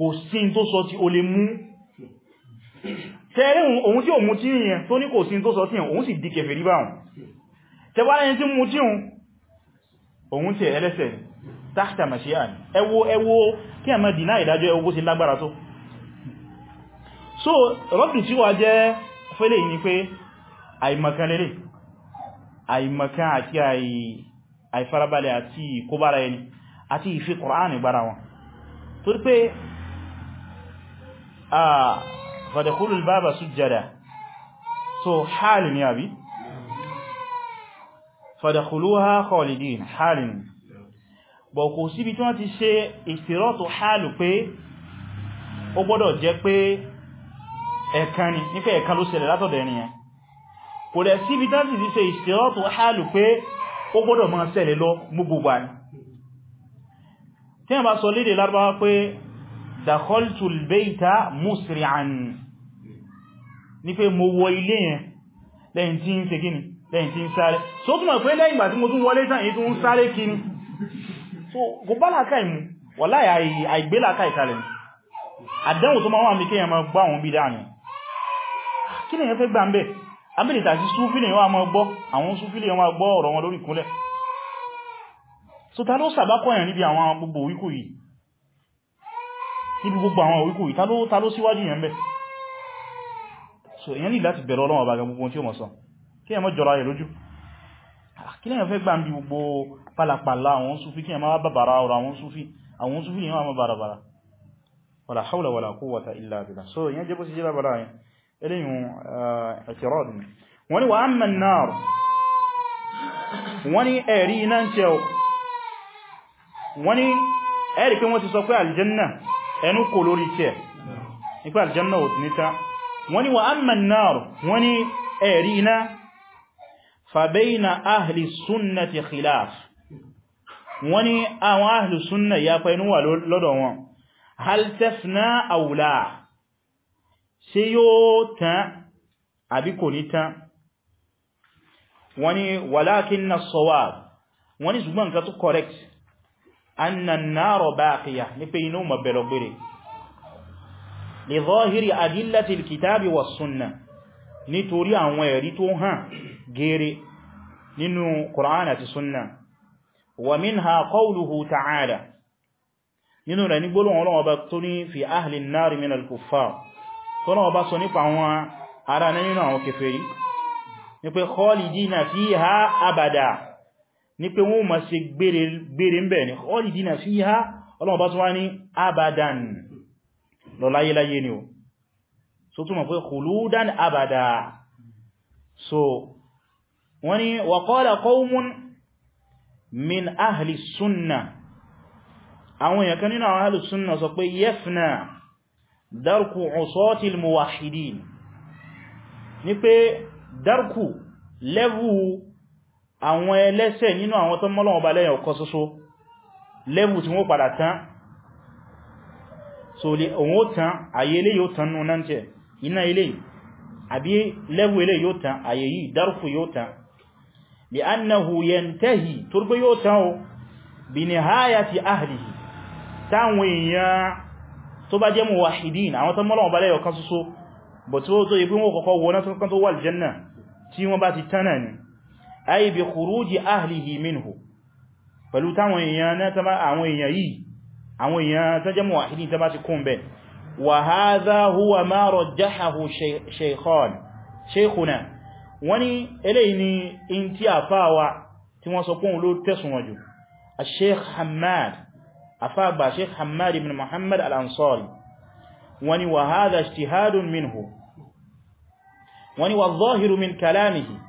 kò sí tó sọ tí ó lè mú tẹ́rẹ ohun tí ó mú tí yẹn tó ní kò sí tó sọ tí òun sì di kèfèrí báhùn tẹbára yẹn tí mú tí òun tí ẹlẹ́sẹ̀ tàhtà màṣíà ẹwọ ẹwọ a mọ́ dìná ìdájọ́ ẹwọ sí lágbára tó so rọ́dù tí wà jẹ́ fẹ́lẹ̀ ní pé àìmọ̀kan lélẹ̀ àìmọ̀kan àti àìfarabalẹ̀ àti kóbára ẹni àti ìfẹ́ Kùránì gbára wọn torí pé Ah, fàdàkúrù bába sujjada so halin ya bi fàdàkúrúha khalidin halin bọ̀ kò síbi tí wọ́n ti ṣe ìfìrọ́tù halu pé ó gbọ́dọ̀ jẹ́ pé ẹ̀kan ni nífẹ́ ẹ̀kan ló ṣẹlẹ̀ látọ̀dọ̀ ẹniyàn kò rẹ̀ síbi tàbí ti ṣe ìfìrọ́tù halu pé ó gbọ́dọ̀ máa ṣẹlẹ̀ lọ mú gbogbo dakhaltu al-bayta musri'an ní pé mo wọ ilé yẹn lẹ́yìn tí ń ṣe kíni lẹ́yìn tí ń sáré so túnmọ̀ pé lẹ́yìn ìgbà tí mo tún wọlé tán èyí tún ń sáré kíni so kò bá láàká ìmú wọ́lá àìgbé láàká ìkàlẹ̀ àdánwò tó máa wà mí kéèyàn máa gbọ́ àwọn níbi gbogbo àwọn òwíkò ìta ló síwájú yẹn bẹ́ so èyàn ní láti bẹ̀rẹ̀ Ọlọ́run bàgà gbogbo tí ó mọ̀ sọ kí ẹmọ́ jọra rẹ̀ lójú ah, kí lẹ́yìn fẹ́ gbà ń bí gbogbo pálapàla àwọn súfí kí ẹmọ́ bàbàrà ọ̀rọ̀ àwọn súfí àwọn súfí yẹn wà bàbàrà wala hawla wala quwwata illa billah so èyàn jẹ́ bó sì ah, ẹ̀rí pé wọ́n ti sọ pé aljanna ẹnu kò lórí tí ẹ̀ nípa aljanna ò tíníta wọ́n ni wa amman nar wọ́n ni ẹ̀rí iná fa bayna ahli sunnati khilaf wọ́n ni àwọn ahli sunna ya fa inú wà lọ́dọ̀ wọn hal tafna aw ṣe yóò tán àbí kò ní tán wọ́n ni walakin as-sawab wọ́n ni ṣùgbọ́n nǹkan tó correct anna an-nar baqiya ní pé inú ma bẹ̀rẹ̀ gbére li zahiri adillati al-kitabi was-sunnah nítorí àwọn ẹ̀rí tó hàn gere nínú Qur'an àti sunnah wa minha qawluhu ta'ala nínú rẹ̀ ní gbólóhùn Ọlọ́run ní pé wọ́n ma ṣe gbére ń bẹ̀ ní khalidina fiha ọlọ́wọ́ bá tún wá ní abadan lọ láyéláyé ni o so túnmọ̀ pé khuludan abada so wọ́n ni wa qala qawmun min ahli sunna àwọn èèyàn kan nínú àwọn ahli sunna sọ pé yafna darku usati al muwahhidin ní darku level àwọn ẹlẹ́ṣẹ̀ nínú àwọn tó mọ́ Ọlọ́run bá lẹ́yìn ọ̀kan ṣoṣo lẹ́bù tí wọ́n padà tán so òun ó tán ayé ilé yóò tán nù náà tẹ́ iná ilé àbí lẹ́bù ilé yóò tán ayé yìí dárùfù yóò tán li'annahu yantahi turbe yóò tán o bi nihayati ahlihi táwọn ti tán ay bi khuruji ahlihi minhu pẹ̀lú táwọn èèyàn náà tàbí àwọn èèyàn yìí àwọn èèyàn tó jẹ́ muwahidi tàbí ti kún bẹ wa hadha huwa ma rajjahahu shaykhan shaykhuna wani eléyìí ni in tí a fáwa tí wọ́n sọ kún ló tẹ̀sùn wájú a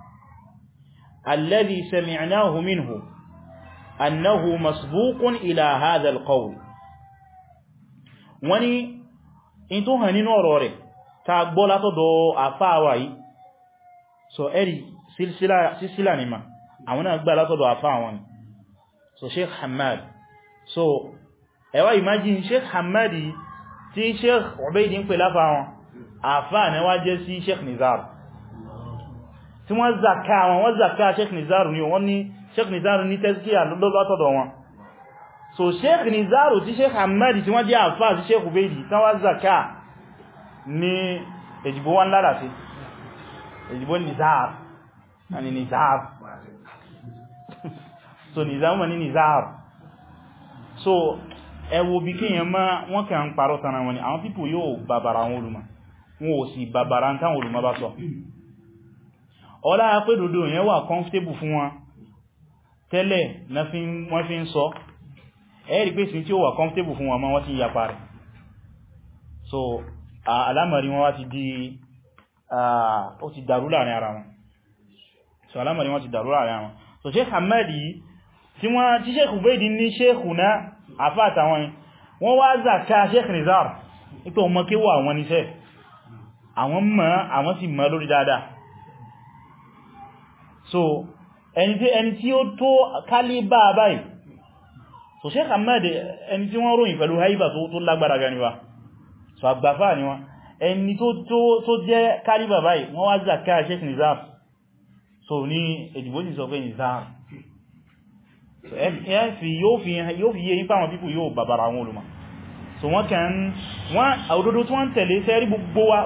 الذي سمعناه منه أنه مسبوق إلى هذا القول وني انتو هنين وروري تاقبولا تدو أفاوي so eri silsila silsila ni ma àwọn náà gbà látọ̀dọ̀ àfá àwọn so sheikh hamad so ẹ wá imagine sheikh hamadi tí sheikh ubaidi ń pè láfá wọn àfá ni wá jẹ́ sí sheikh nizar tí wọ́n zàká wọn wọ́n zàká sheikh nizaru ni wọ́n ní sheikh nizaru ní tẹ́síkíyà lọ́lọ́tọ̀dọ̀ wọn so sheikh nizaru tí sheikh hamadi tí wọ́n jẹ́ àfá sí sheikh ubeidi tán wọ́n zàká ní èjìbó wọn lára sí so nizaru ma ni so ẹwọ bí kíyàn má wọ́n kàn ń parọ́ tara wọn ni àwọn ò sì bàbàrà ń táwọn olùmọ̀ bá sọ ọlá pé dòdò yẹn wà comfortable fún wọn tẹ́lẹ̀ na fi wọ́n fi ń sọ ẹ̀rí pé sin tí ó wà comfortable fún wọn ma wọ́n ti yapa rẹ̀ so alamari wọn ti di ó ti dàrú láàrin ara wọn so alamari wọn ti dàrú láàrin ara wọn so sheikh hamadi tí wọ́n tí sheikh ubaidi ní sheikh na afáta wọn wọ́n wá zaka sheikh nizar ipò ọmọ kéwà àwọn níṣẹ́ àwọn mọ̀ àwọn sì mọ̀ lórí dáadáa so ẹni tí ẹni tí ó tó kálíbà báyìí so Sheikh Ahmad ẹni tí wọ́n ròyìn pẹ̀lú haiba tó tó lágbára gani wa so àgbàfà ni wa ẹni tó tó jẹ́ kálíbà báyìí wọ́n wá zaka Sheikh Nizam so ní èdìbò ti sọ pé Nizam so ẹ̀fì yóò fi yé ipa àwọn pípù yóò bàbára àwọn so wọ́n kàn wọ́n àwòdódó tí wọ́n tẹ̀lé sẹ́rí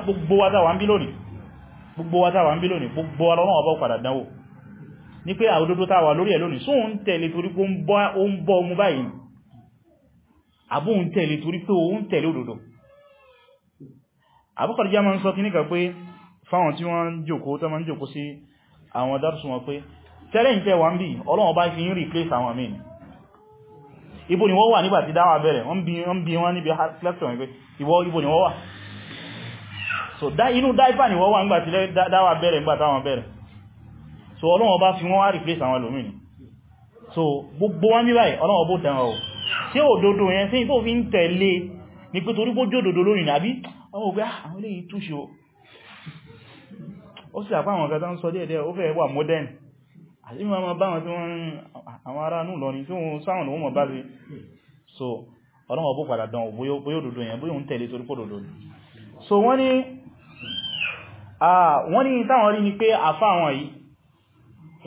gbogbo wa dáwà ń bí lónìí gbogbo wa dáwà ń bí lónìí gbogbo wa ọba padà dánwò ní pé àwòdódó tàwà lórí ẹ̀ lónìí sóhun tẹ̀lé torí pé ó ń bọ́ ọmú báyìí àbóhun tẹ̀lé torí pé ó ń tẹ̀lé òdòdó àbúkọ̀díjá ma ń sọ kíníkà pé fáwọn tí wọ́n ń jòkó tó ma ń jòkó sí àwọn dárùsùn wọn pé tẹ́lẹ̀ ń tẹ́wàá ń bí ọlọ́wọ́n bá fi ń replace àwọn mìí ibo ni wọ́n wà nígbàtí dáwà bẹ̀rẹ̀ ni wọ́n wà so inú dáìpá ni wọ́n wà nígbàtí dáwà so ọlọ́wọ́ bá fi wọ́n wá replace àwọn ẹlòmíì so gbogbo wá níbàí ọlọ́wọ́ bó dán ọ̀ tí ó dodo yẹn sí tó fi ń tẹ̀lé ní pé torí bójó dodo lónìí àbí ọwọ́ pé ah, àwọn ilé ìtúṣe ó sì àpá àwọn kẹta ń sọ díẹ̀díẹ̀ ó fẹ́ wà modern àti ma ma bá wọn tí wọ́n àwọn ará nù lọ ní tí wọ́n sáwọn òun mọ̀ bá rí so ọlọ́wọ́ bó padà dán bóyó dodo so wọ́n ni ah, táwọn rí ni pé àfá àwọn yìí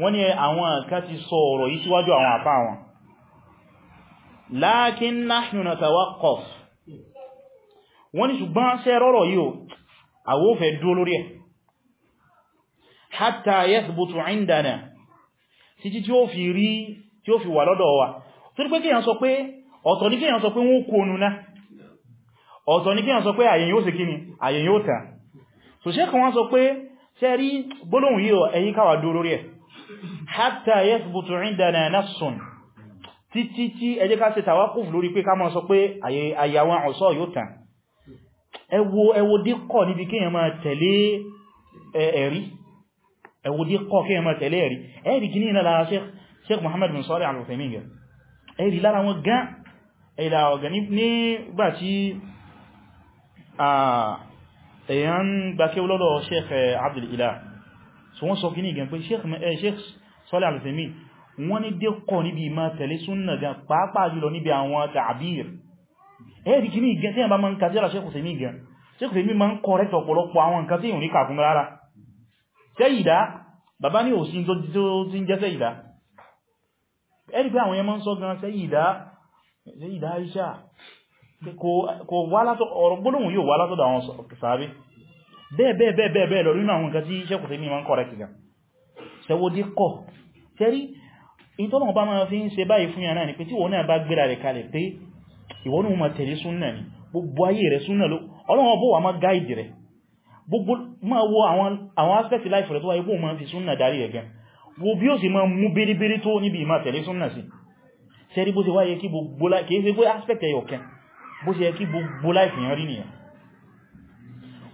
wọ́n ní àwọn kan ti sọ ọ̀rọ̀ yìí síwájú àwọn àfá wọn lakin nahnu natawaqqaf wọ́n ní ṣùgbọ́n ṣe rọ́rọ̀ yìí o àwọ́fẹ́ dúó lórí ẹ̀ hatta yathbutu indana títí tí ó fi rí tí ó fi wà lọ́dọ̀ wa torí pé kíyàn sọ pé ọ̀tọ̀ ní sọ pé ọ̀tọ̀ ní kíyàn sọ pé wọ́n sọ hatta yathbutu indana nafsun títí tí ẹ jẹ́ ká ṣe tàwákùf lórí pé ká máa sọ pé àyàwọn ọ̀sọ́ yóò tàn ẹ wo ẹ wo díkọ̀ níbi kíyàn máa tẹ̀lé ẹ̀rí ẹ wo díkọ̀ kíyàn máa tẹ̀lé ẹ̀rí ẹ̀rí kì ní ìlà lára Sheikh Muhammad bin Salih Al-Uthaymeen gẹ̀ ẹ̀rí lára wọn gan ẹ̀là ọ̀gá nígbà tí èèyàn gbakẹ́ lọ́dọ̀ Sheikh eh, Abdul Ilah so wọ́n sọ kíní gan pé sheikh eh, Salih Al-Uthaymeen wọ́n ní dé kọ́ níbi ìmá tẹ̀lé súnnà gan pàápàá jùlọ níbi àwọn tàbír ẹ̀ẹ́dì kíní gan tí wọ́n bá máa ń kàtíra sheikh Uthaymeen gan sheikh Uthaymeen máa ń correct ọ̀pọ̀lọpọ̀ àwọn nǹkan tí ìrìn kàkún rárá sẹ́yìdá bàbá ní òsìn tó ti ń jẹ́ sẹ́yìdá ẹ̀ẹ́dì pé àwọn yẹn máa ń sọ gan sẹ́yìdá sẹ́yìdá Aisha kò wá látọ̀ ọ̀rọ̀ gbólóhùn yóò wá látọ̀ àwọn sàábé bẹ́ẹ̀bẹ́ẹ̀bẹ́ẹ̀ lọ nínú àwọn nǹkan tí sẹ́kùtẹ́ ní ma ń correct gan sẹ́wọ́dé kọ̀ tẹ́rí ìtọ́lọ̀wọ̀n bá máa fi ń ṣe báyìí fún yàrá ní pé tí wọ́n náà bá gbéra rẹ̀ kalẹ̀ pé ìwọ́n ni gbogbo ayé rẹ̀ súnnà ló ọlọ́wọ́n bó wà máa gáìdì rẹ̀ gbogbo aspect life rẹ̀ tó wáyé bó máa fi súnnà darí rẹ̀ gan wo bí ó sì máa mú béribérí tó níbi ìmá tẹ̀lé ṣe wáyé kí gbogbo kìí ṣe aspect ẹyọ̀kẹ́ bó ṣe yẹ kí gbogbo life yẹn rí nìyẹn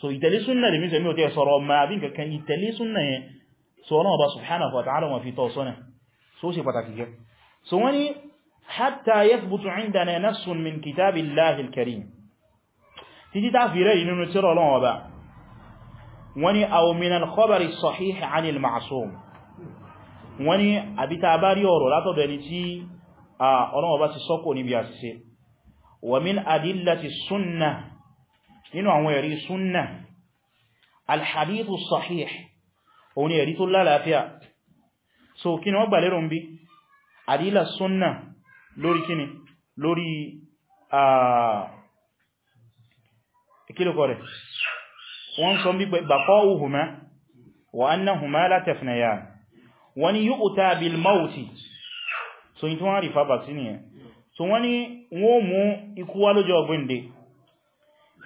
so ìtẹ̀lé súnnà lè mísẹ̀ mí ò tẹ́ sọ̀rọ̀ ọmọ àbí kankan ìtẹ̀lé súnnà yẹn so ọ̀nà ọba subhanahu wa ta'ala wọn fi tọ́ sọ́nà so ṣe pàtàkì jẹ́ so wọ́n ni hatta yathbutu indana nassun min kitabillahi al-karim títí ta fi rẹ̀ nínú tírà Ọlọ́run ọba wọ́n ni aw min al-khabari as-sahih 'an al-ma'sum wọ́n ni àbí ta bá rí ọ̀rọ̀ látọ̀dọ̀ ẹni tí Ọlọ́run ọba ti sọ́kò wa min adillati sunnah nínú àwọn ẹ̀rí súnnà alhadithu sahih òun ni ẹ̀rí tó lálàáfíà so kí ni wọ́n gbà lérò ń bí àdílà súnnà lórí kíni lórí ìkílùkọ́ rẹ̀ wọ́n sọ bí bàkọ́ ohùnmá wa annahuma la tafnayan wọ́n ni yu'ta bil mauti so yí tó wọ́n rí fábà sí nìyẹn so wọ́n ni wọ́n mú ikú wá lọ́jọ́ ọgbẹ́ndẹ̀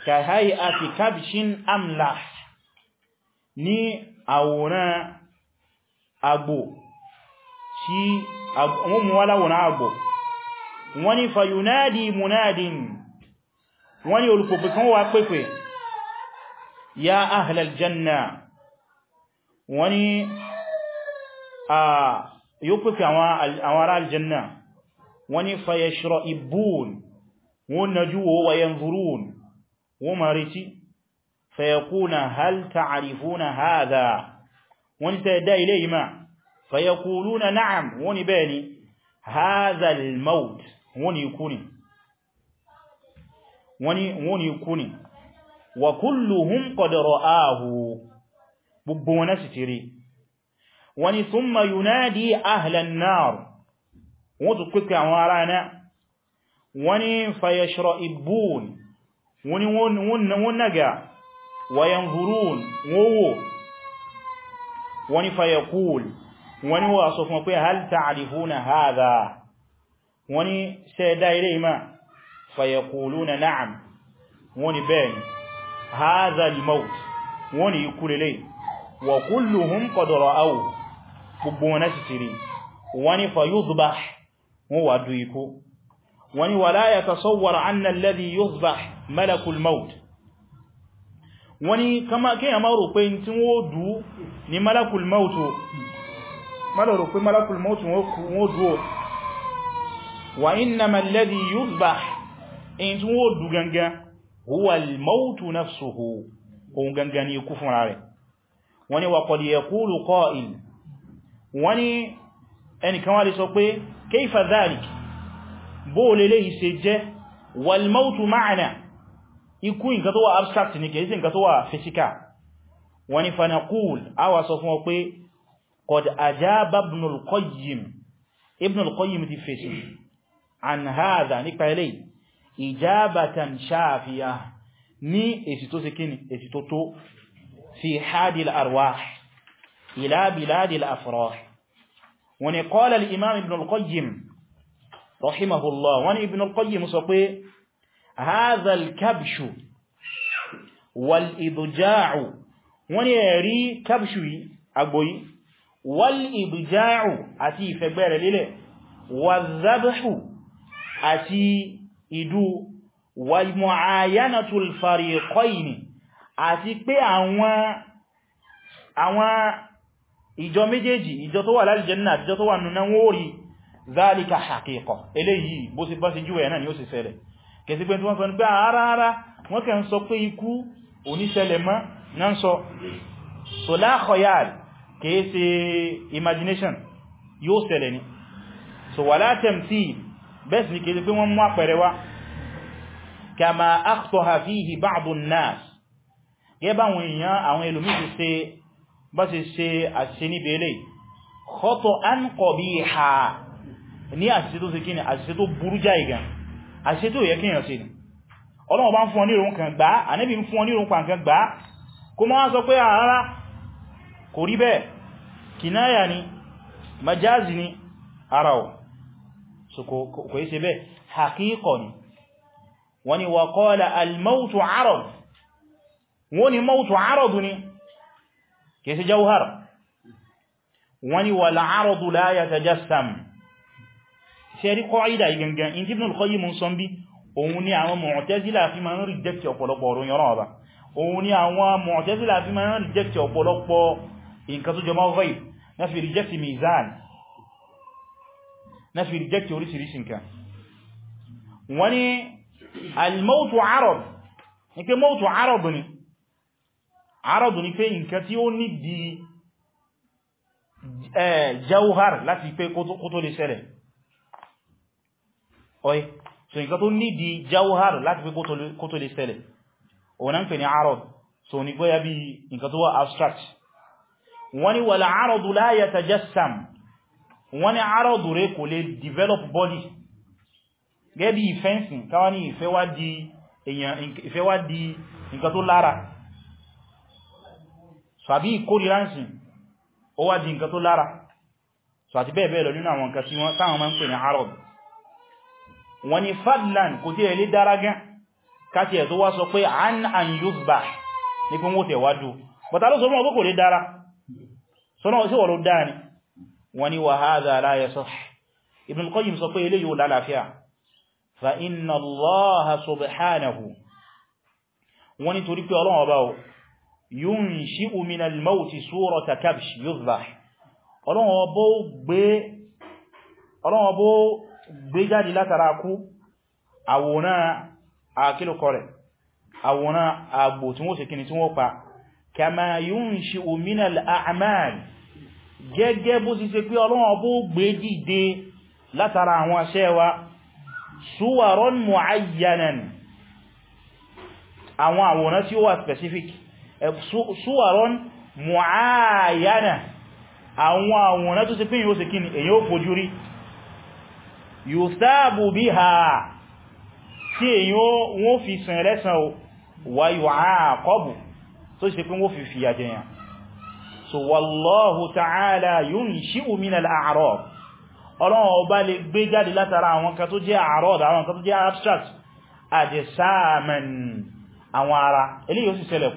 kàháì àti kabshin amla ní àwòrán àgbò tí wọ́n mú wá láwòrán àgbò wọ́n ni fayunadi munadin wọ́n ni olùpòpẹ̀ kan wà pẹ́pẹ́ ya ahlal janna wọ́n ni yóò pẹ́pẹ́ àwọn ará aljanna wọ́n ni fayashra ibun wọ́n najú wọ́n wayan zurun wọ́n ma retí fayakuna hal ta'rifuna hadha wọ́n tẹ́ dá ilé ìmá fayakuluna na'am wọ́n ni bẹ́ẹ̀ ni hadha al-maut wọ́n ni kú ni wọ́n ni kú ni wa kulluhum qad ra'ahu gbogbo wọn sì ti wọ́n ni thumma yunadi ahlan wọ́n tó pípẹ́ àwọn ará wọ́n ni fayashra'ibun wọ́n ni wọ́n nága wayan hurun wọ́wọ́ wọ́n ni fayakul wọ́n ni wà sọ fún pé hal ta'rifuna hadha wọ́n ni ṣẹ́dá ilé ma fayakuluna na'am wọ́n ni bẹ́ẹ̀ ni hadha al wọ́n ni ikú lélẹ̀ wa kulluhum qad ra'aw gbogbo wọn náà sì wọ́n ni fayudhbah wọ́n wà du wani wala ya tasawwara annal ladhi yuzbah malakul maut wani kama ke ma rò pé tin wo du ni malakul maut o ma rò pé malakul maut wo du o wa innama alladhi yuzbah in tin wo du gangan huwa al maut nafsuhu o gangan ni kú fún rẹ̀ wani wa qad yaqulu qa'il wani ẹnìkan wá lè sọ pé kayfa dhalik bó lè lè ṣe jẹ́ walmautu ma'ana ikú nǹkan tó wà abstract ní kèsí nǹkan tó wà physical wọ́n ni fanakul a wà sọ fún ọ pé qad ajaba ibn al-qayyim ibn al-qayyim ti fèsì an hadha nípa ilé ijabatan shafiya ní èsì tó sì kíni èsì tó tó fi hadil arwah ila biladil afrah wọ́n ni qala al-imam rahimahullah wọ́n ní Ibn al-Qayyim sọ pé hadha al-kabshu wal idja'u wọ́n ní ẹ̀rí kabshu yìí agboyi wal idja'u àti ìfẹ̀gbẹ̀rẹ̀ lílẹ̀ wal dhabhu àti ìdú wal mu'ayanatu al-fariqayn àti pé àwọn ìjọ méjèèjì ìjọ tó wà lálìjẹ́ náà ìjọ tó wà nùnà wọ́n rí zálíkà haqiqa eléyìí bó sì bá sí júwẹ̀ náà ni ó sì ṣẹlẹ̀ kẹsí pé tí wọ́n sọ ní pé ara ara wọ́n kẹ́ ń sọ pé ikú oníṣẹlẹ̀ mọ́ na ń sọ so la imagination yóò ṣẹlẹ̀ ni so wala tamthil bẹ́ẹ̀ sì ni kìí pé wọ́n mú àpẹẹrẹ wá kama akhtaha fihi ba'du an-nas gẹ́ bá àwọn ní àṣìṣe tó ṣe kíni àṣìṣe tó burú jáì gan àṣìṣe tó yẹ kíyàn ṣe ni Ọlọ́run bá ń fún ọ ní ìrun kan gbá Ànábì ń fún ọ ní ìrun kan gbá kó máa sọ pé àárá kò rí bẹ́ẹ̀ kìnáyà ni majázi ni ara ọ̀ so kò yí ṣe bẹ́ẹ̀ hakíkọ̀ ni wọ́n ni wà kọ́ọ̀lá almautu arọ̀dù wọ́n ni mautu arọ̀dù ni kìí ṣe jauhar wọ́n ni wà láàrọ̀dù la yatajassam ṣẹ́rí kọ́ àìdà igangan in tí Ibnul Qayyim ń sọ́n bí òun ni àwọn Mu'tazila fi ma ń reject ọ̀pọ̀lọpọ̀ ọ̀rọ̀ yọ́rọ̀ ọba òun ni àwọn Mu'tazila fi ma ń reject ọ̀pọ̀lọpọ̀ nǹkan tó jọmọ́ ghaib na fi reject mizan na fi reject oríṣiríṣi nǹkan wọ́n ni al-mawtu arad ni pé mawtu arad ni arad ni láti pé kó tó lè ṣẹlẹ̀ ọ̀yẹ́ so nǹkan tó nídi jawhar láti pé kó tó lè ṣẹlẹ̀ òun náà ń pè ní arad so ní gbọ́ya bí nǹkan tó wá abstract wọ́n ni wàlá aradu la yatajassam wọ́n ni aradu rẹ̀ kò lè develop body gẹ́ bí ìfẹ́nsìn káwà ní ìfẹ́ wá di nǹkan tó lára so àbí ìkórìránsìn ó wá di nǹkan tó lára so àti bẹ́ẹ̀ wọ́n ni fadlan kò tí ẹ̀lẹ́ dáragan káti ẹ̀ tó wá sọ pé an an yuzbah ní pín wó tẹ̀wàdú bàtà ló sọ mọ́ kò lè dára sọ́nà sí wọ́n ló dáa ni wọ́n ni wa hadha la Ibn al sọ pé ilé yóò lálàáfíà fa inna gbé jáde látara kú àwòrán àkílùkọ rẹ̀ àwòrán àgbò tí wọ́n ṣe kíni tí wọ́n pa kama yunshi'u minal a'mal gẹ́gẹ́ bó ti ṣe pé ọlọ́wọ́ bó gbé dìde látara àwọn aṣẹ́ wa suwaron mu'ayyanan àwọn àwòrán tí ó wà specific suwaron mu'ayyana àwọn àwòrán tó ṣe pé yíó ṣe èyí ó fojú rí yusabu biha tí èyàn wọ́n fi sàn ẹlẹ́sàn o wà yu'aqabu tó ṣe pín wọ́n fi fi àjẹyàn so wallahu ta'ala yunshi'u min al-a'rab ọlọ́run ọba lè gbé jáde látara àwọn kan tó jẹ́ a'rab àwọn kan tó jẹ́ abstract àjẹsáàmàn àwọn ara eléyìí ó sì ṣẹlẹ̀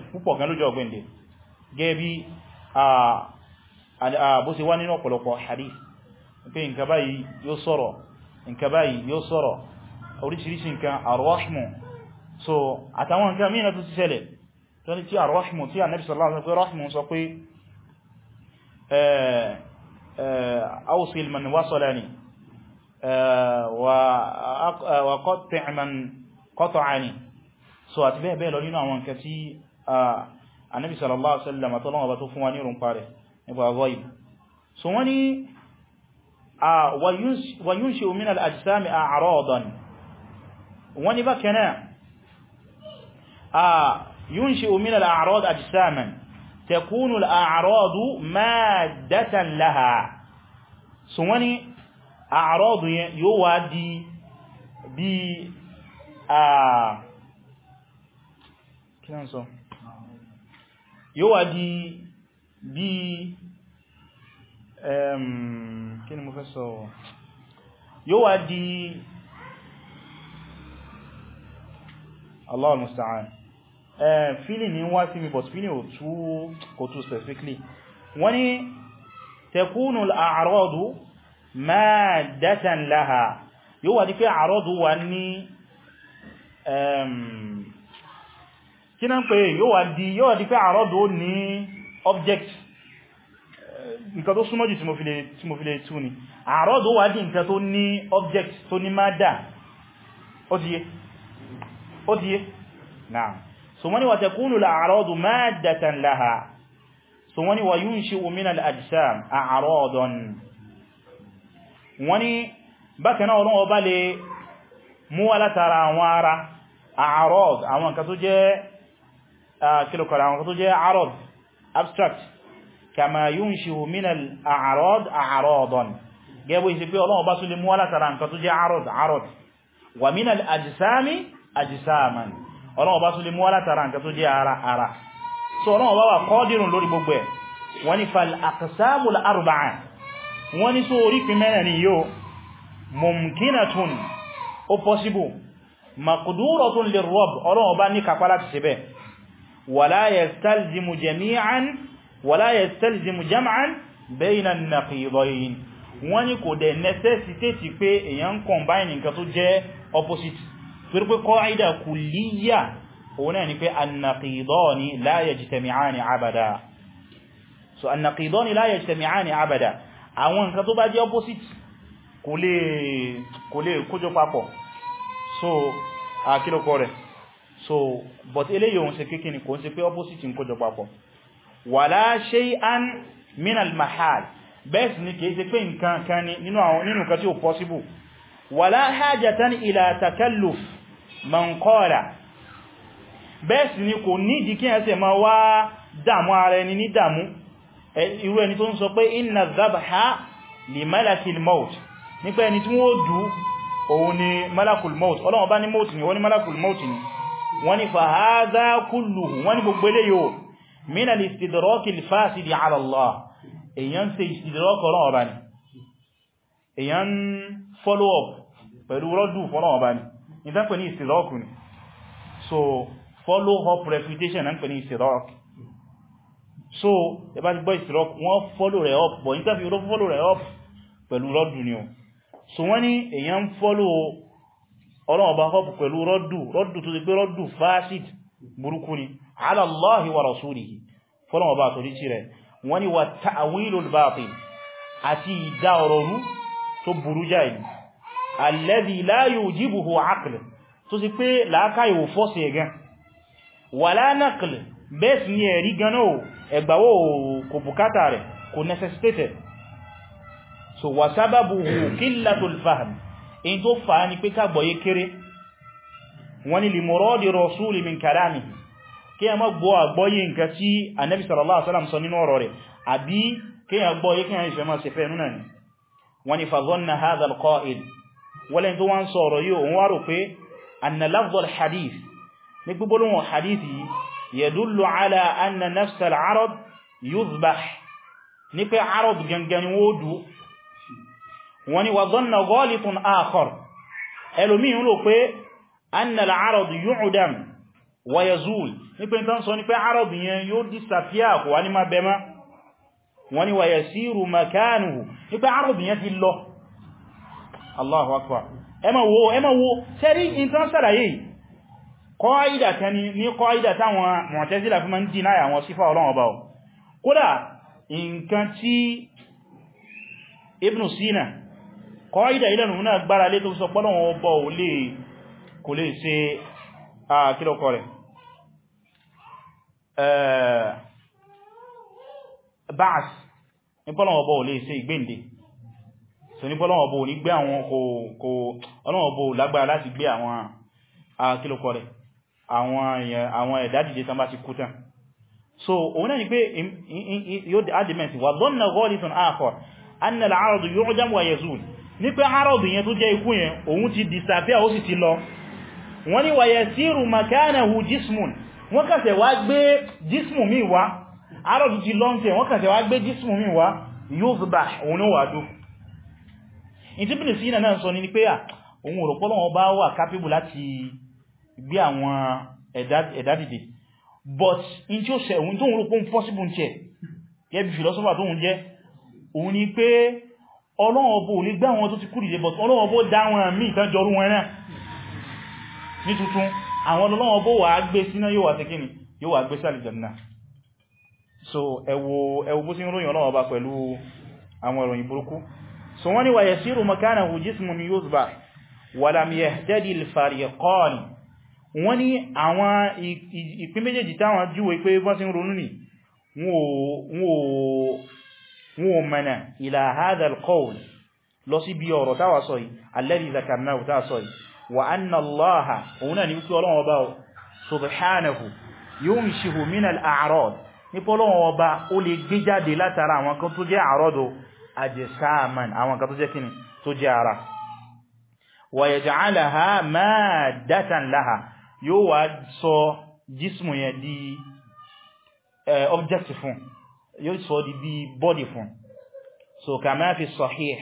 nǹkan báyìí yóò sọ̀rọ̀ nǹkan báyìí yóò sọ̀rọ̀ oríṣiríṣi nǹkan arwashmu so àtàwọn nǹkan mìíràn tó ti ṣẹlẹ̀ tó ní tí arwashmu tí Ànábì sallallahu alaihi wasallam rahmu sọ pé awsil man wasalani wa qatti' so àti bẹ́ẹ̀ bẹ́ẹ̀ lọ nínú àwọn nǹkan tí Ànábì sallallahu alaihi wasallam àtọ́lọ́wọ́ bá tó ni آه، وينشئ من الأجسام أعراضا كنا آه، ينشئ من الأعراض أجساما تكون الأعراض مادة لها سواني أعراض يوادي ب آه، يوادي ب kí ni mo fẹ́ sọ yóò wá di Allahu musta'an fílì ní wá sí mi but fílì kò tú specifically wọ́n ni tẹkúnù àárọ́dù maddatan laha yóò wá di pé àárọ́dù wà ní kí náà pé yóò wá di pé àárọ́dù ní object nǹkan tó súnmọ́ jù tí mo fi lè tú ni àárọ́dù wà dì nǹkan tó ní object tó ní mádà ó ti yé ó ti yé náà so wọ́n ni wà tẹ̀kúnù àárọ́dù mádàtàn láha so wọ́n ni wà yún ṣe omínà àjísàm àárọ́dùn abstract kama yunshihu min al-a'rad a'radan gẹ́gbó ìsì pé ọlọ́wọ́ bá tún lè mú wá látara nǹkan tó jẹ́ a'rad a'rad wa min al-ajsami ajsaman ọlọ́wọ́ bá tún lè mú wá látara nǹkan tó jẹ́ ara ara so ọlọ́wọ́ bá wà qadirun lórí gbogbo ẹ̀ wọ́n ni ولا يستلزم jam'an بين النقيضين، naqidayn wọ́n ní kò dẹ̀ necessitate pé èyàn combine nǹkan tó jẹ́ opposite torí pé qaida kulliya òun náà ni pé an-naqidani la yajtami'ani abada so an-naqidani la yajtami'ani abada àwọn nǹkan tó bá jẹ́ opposite kò lè kò so àkílòkọ rẹ̀ so but eléyìí òun ṣe kékìní kò ń ṣe opposite ń kójọ papọ̀ wàlá shay'an min al-mahal bẹ́ẹ̀sì ni kìí ṣe pé nǹkan kan ni nínú àwọn nínú kan tí ó possible wàlá hajatan ila takalluf man qala bẹ́ẹ̀sì ni kò nídìí kí ẹsẹ̀ ma wá dàmú ara ẹni ní dàmú irú ẹni tó ń sọ pé inna dhabha li malakil maut nípa ẹni tí wọ́n dù òun ni malakul maut ọlọ́wọ́n bá ní maut ni wọ́n ni malakul maut ni wọ́n ni fa hadha kulluhu wọ́n ni gbogbo eléyìí min al-istidrak al-fasid ala Allah èyàn ṣe istidrak Ọlọ́run ọba ni èyàn follow up pẹ̀lú rọ́dù fọ́lọ́run ọba ni ìdán pẹ̀ ní istidrak ni so follow up reputation ń pẹ̀ ní istidrak so ẹbá ti gbọ́ istidrak wọ́n follow up but ìdán fi follow up pẹ̀lú rọ́dù ni so wọ́n ni èyàn follow Ọlọ́run ọba up pẹ̀lú rọ́dù rọ́dù tó ti pé rọ́dù fasid burúkú ni ala Allahi wa rasulihi fọ́lọ̀wọ̀ bá torí tí rẹ̀ wọ́n ni wà ta'awilul batil àti ìdá ọ̀rọ̀rú tó burú jáì alladhi la yujibuhu aql tó sì pé láákà ìwò fọ́sì ẹ̀gán wala naql bẹ́ẹ̀ sì ni ẹ̀rí gan náà ẹgbàwó min kalamihi kí a mọ́ gbọ́ àgbọ́yé nǹkan tí anẹ́bí sallallahu alaihi wasallam sọ nínú ọ̀rọ̀ rẹ̀ àbí kí a gbọ́ yí kí a ìfẹ́ máa ṣe fẹ́ núnà ni wọ́n ni fàzọ́nà hadha al-qa'il wọ́lẹ̀ tó wá ń sọ ọ̀rọ̀ yóò wọ́n wá rò pé anna lafzul hadith ní gbogbolóhùn ni wayazul ní pé tán sọ ní pé arab yẹn yóò disappear kò wá ní máa bẹ má wọ́n ní wayasiru makanuhu ní pé arab yẹn ti lọ allahu akbar ẹ máa wò ẹ máa wò sẹ́rí ìtàn sàlàyé kọ́ìdà kan ní kọ́ìdà táwọn Mu'tazila fi máa ń dínà àwọn sífà Ọlọ́run Ọba kódà nǹkan lè kò lè ṣe rẹ̀ Eh, báàs nípọ́lọ̀wọ̀bọ̀ ò lè ṣe ìgbéǹde so nípọ́lọ̀wọ̀bọ̀ ò ní gbé àwọn kò ọlọ́wọ̀bọ̀ lágbára láti gbé àwọn akílòkọ rẹ̀ àwọn ẹ̀dá dìde tán bá ti kú tán so òun náà ni pé yóò di adimenti wà dhanna ghalithun akhar anna al-'arad yu'dam wa yazul ní pé àrọ̀dù yẹn tó jẹ́ ikú yẹn òun ti disappear ó sì ti lọ wọ́n ni wa yasiru makanahu jismun wọ́n kàṣẹ̀ wá gbé jísmù mi wá arọ́ gidi lọ́ntẹ̀ wọ́n kàṣẹ̀ wá gbé jísmù mi wá yóò fi bá òun ní wàdó ìtíbìlì sí náà sọ ní pé à òun òròpọ́lọ́ wọn bá wà capable láti gbé àwọn ẹ̀dá dìde but in tí ó sẹ òun tó ń rò pún possible jẹ yẹbi philosopher tó ń jẹ òun ni pé ọlọ́wọ́ bó ní gbá àwọn tó ti kú dìde but ọlọ́wọ́ bó dá wọn mí ìtàjọrú wọn náà ní tuntun àwọn ọlọ́wọ́ bó wà gbé síná yóò wà tẹ́kíní yóò wà gbé sáàlì jẹ́mìnà so ẹwọ bó sí ròyìn ọlọ́wọ́ bá pẹ̀lú àwọn ìròyìn burúkú so wọ́n ni wà yasiru makanahu jismun yuzbah ni àwọn ìpín méjèèjì táwọn júwe wa anna allaha òun náà ni wípé ọlọ́run ọba o subhanahu yunshihu min al-a'rad nípa ọlọ́run ọba ó lè gbé jáde látara àwọn kan tó jẹ́ a'rad o ajsaman àwọn kan tó jẹ́ kíni tó jẹ́ ara wa yaj'alaha maddatan laha yóò wá sọ jísmù yẹn di object fún yóò sọ di bí body fún so kama fi sahih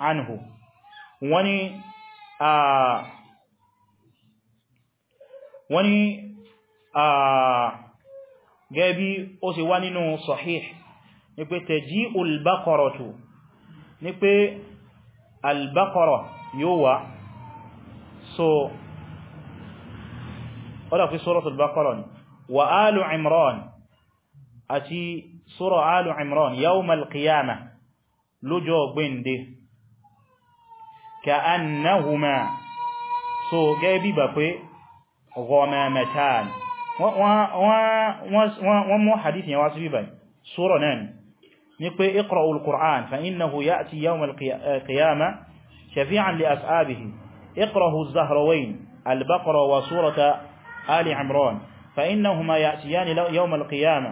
anhu wani a ah, wọ́n ni gẹ́bí ó sì wá nínú sahih ní pé tẹ̀jí olbakọrọ̀tù ní pé albakọrọ̀ yóò wá so ọ́dá fi suratul baqarah ni wa alu imran àti sura alu imran yawmal qiyamah lọ́jọ́ gbẹ́ndé ka'annahuma so gẹ́bí bà pé غمامتان wọ́n mọ́ hadith yẹn wá bi bíbá sura nan ni pé iqra'ul quran fa innahu ya'ti yawm al-qiyama shafi'an li as'abihi iqra'u az-zahrawayn al-baqara wa surata ali imran fa innahuma ya'tiyan yawm al-qiyama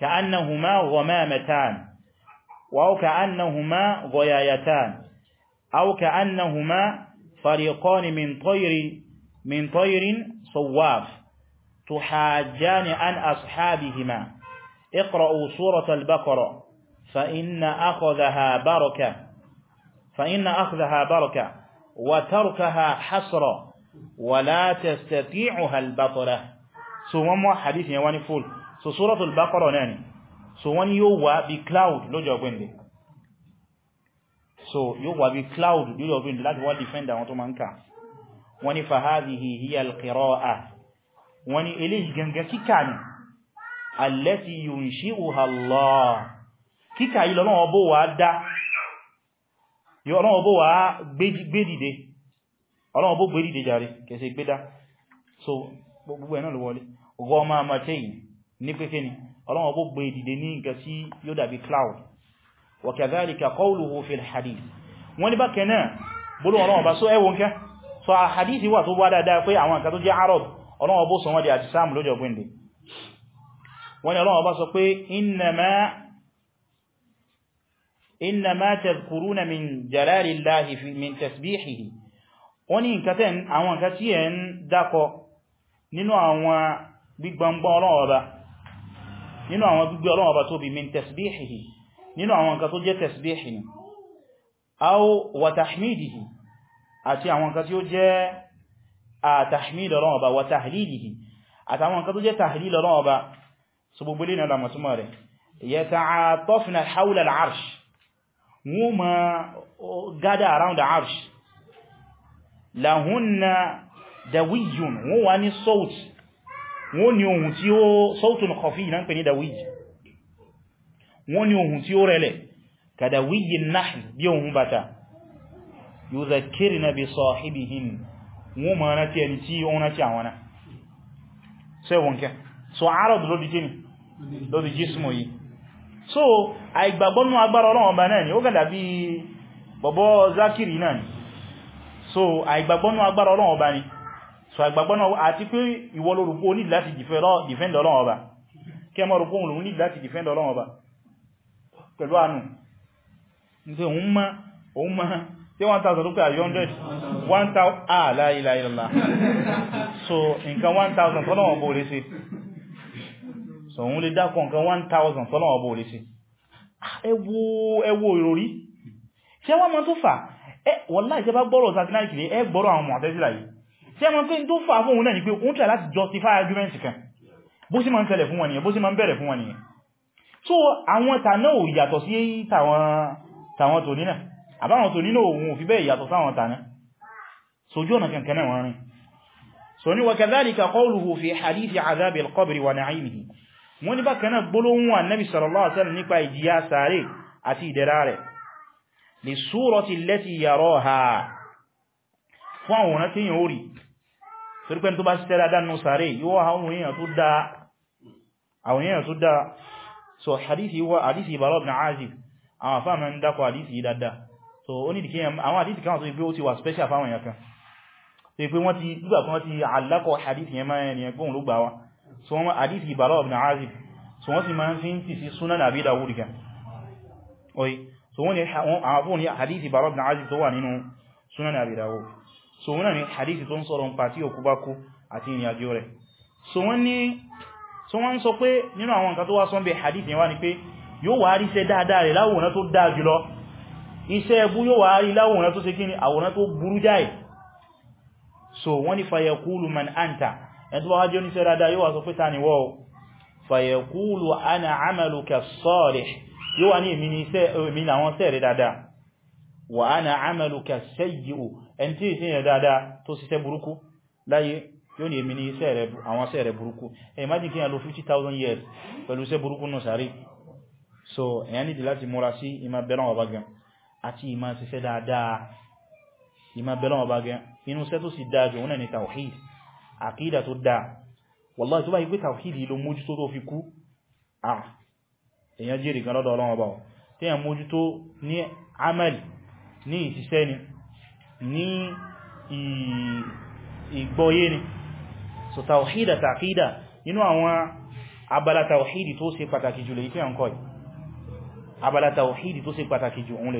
ka'annahuma ghamamatan wa ka'annahuma ghayayatan aw ka'annahuma fariqan min tayrin من طير صواف تحاجان عن أصحابهما اقرأوا سورة البقرة فإن أخذها بركة فإن أخذها بركة وتركها حسرة ولا تستطيعها البطلة سوما حديث يواني فول so suratul al-baqara náà ni so wọ́n ni yóò wá bí cloud lọ́jọ́ ọ̀gbẹ́ndẹ̀ so yóò wá bí cloud lọ́jọ́ ọ̀gbẹ́ndẹ̀ wọ́n ní fahadihi hiya alqira'a wọ́n ní eléyìí gangan kíkà ní allati yunshi'uha Allah kíkà yìí lọ́nà ọbọ̀ wà dá ọlọ́wọ́ bó wà gbédìde ọlọ́wọ́ bó gbédìde jàre kẹsẹ̀ gbédá so gbogbo ẹ̀ náà wọlé gọọmọ amateyin ní pẹ́kẹ́ ni ọlọ́wọ́ bó gbédìde ní nǹkan sí yóò dàbí cloud wa kadhalika qawluhu so a hadithi wà tó wá dáadáa pé àwọn nǹkan tó jẹ́ arab ọlọ́wọ́ bó sọ wọ́n di àti sáàmù lójọ gbìndì wọ́n ni ọlọ́wọ́ bá sọ pé innama tadhkuruna min jalalillahi min tasbihihi wọ́n ni nǹkan tẹ́n àwọn nǹkan tí ẹ̀ ń dákọ nínú àwọn gbígbọ́ngbọ́n ọlọ́wọ́ bá tóbi min tasbihihi nínú àwọn nǹkan tó jẹ́ tasbihihi aw wa tahmidihi àti àwọn nǹkan tí ó jẹ́ àtàhmìlì Ọlọ́run Ọba wa tahlilihi àtàwọn nǹkan tó jẹ́ tahlil Ọlọ́run Ọba so gbogbo lè náà lamọ̀túnmọ̀ rẹ̀ yata'atafna hawla al-arsh wọ́n ma gather around al-arsh lahunna dawiyyun wọ́n wá ní sọ́ọ̀t wọ́n ní ohun tí ó sọ́ọ̀tún kọfí náà pè ní dawiyy wọ́n ní ohun tí ó rẹ̀lẹ̀ kàdàwíyìn náà bí ohun bàtà yudhakkirna bi na wọ́n ma na hin ẹni tí na ti àwọn náà a so so ni bọ̀bọ̀ zakiri náà ni so àìgbàgbọ́nú agbára ọlọ́wọ̀n ọba ni so àìgbàgbọ́nú àti pé ìwọ ló rúgbó ní láti defend ọlọ́wọ̀n ọba kí ẹ mọ́ láti defend ọlọ́wọ̀n ọba pẹ̀lú àánú tí 1000 tó pé àyọ́ 100 1000 ah la ilaha illallah so nǹkan 1000 tọ́lọ̀wọ̀ bó lè ṣe so òun lè dákọ̀ nǹkan 1000 tọ́lọ̀wọ̀ bó lè ṣe ah, ẹ wo ìròrí ṣe wọ́n mọ́ tó fà wallahi ìṣẹ́ bá gbọ́rọ̀ satinari kìí ẹ gbọ́rọ̀ àwọn mọ̀tẹ́sílà yìí ṣe mọ́ pé tó fà fún òun náà ni pé òun tẹ̀ láti justify argument kan bó sì máa ń tẹ̀lẹ̀ fún wọn nìyẹn bó sì máa ń bẹ̀rẹ̀ fún wọn nìyẹn so àwọn tàná ò yàtọ̀ sí tàwọn tòní náà àbáwọn tó nílò òun òfin bẹ́ẹ̀ yàtọ̀ sáwọn tàná sojú ọ̀nà kankan náà wọ́n rìn so ní wakadhalika qawluhu fi hadithi azabi al-qabri wa na'imihi wọ́n ní bákan náà gbólóhùn annabi sallallahu alaihi wasallam nípa ìjìyà sáré àti ìdẹ̀ra rẹ̀ li surati allati yaraha fún àwòrán tí yàn ó rí torípẹ́ tó bá sí àwọn èèyàn tó ń dákọ̀ hadithi dáadáa so ó ní dìkẹ́ àwọn àdísì kan tó ipé ó ti wà special fáwọn èèyàn kan tó ipé wọ́n ti gbígbà kan ti alákọ̀ àdísì yẹn máa ẹni ẹgbóhun ló gbà wá so wọ́n àdísì ìbàlọ́ ibn Azib so wọ́n sì máa ń fi ń tì sí Sunan Abi Dawud kan oye so wọ́n ni àwọn fún ní àdísì ìbàlọ́ ibn Azib tó wà nínú Sunan Abi Dawud so wọ́n ni àdísì tó ń sọ̀rọ̀ ń pa tí òkú bá kú àti ìrìn àjò rẹ̀ so wọ́n ni so wọ́n wá sọ́n bẹ̀ dáadáa rẹ̀ láwòrán tó dáa jùlọ iṣẹ́ ẹbú yóò wá rí láwòrán tó ṣe kí ni àwòrán tó burú jáì so wọ́n ni fayekulu man anta ẹni tó wá jẹ́ oníṣẹ́ dáadáa yóò wá sọ pé ni wọ́ fayekulu ana amaluka salih yóò wá ní èmi làwọn sẹ́ẹ̀rẹ̀ dáadáa wa ana ní èmi láti múra sí ìmá bẹ́ràn ọba gan àti ìmá ṣiṣẹ́ dáadáa ìmá bẹ̀lọ́wọ̀ bá gẹn inú iṣẹ́ tó sì dáa jù ní tawhid àkídà tó dáa wallahi tó bá yí pé tawhid ló mójútó tó fi kú ah èyàn jèrè gan lọ́dọ̀ ọlọ́wọ́ bá ọ tí èyàn mójútó ní amal ní ìṣiṣẹ́ ni ní ìgbọ́yé ni so tawhid àti àkídà inú àwọn abala tawhid tó ṣe pàtàkì jùlọ yìí abala tawhidi tó sì pàtàkì jù òun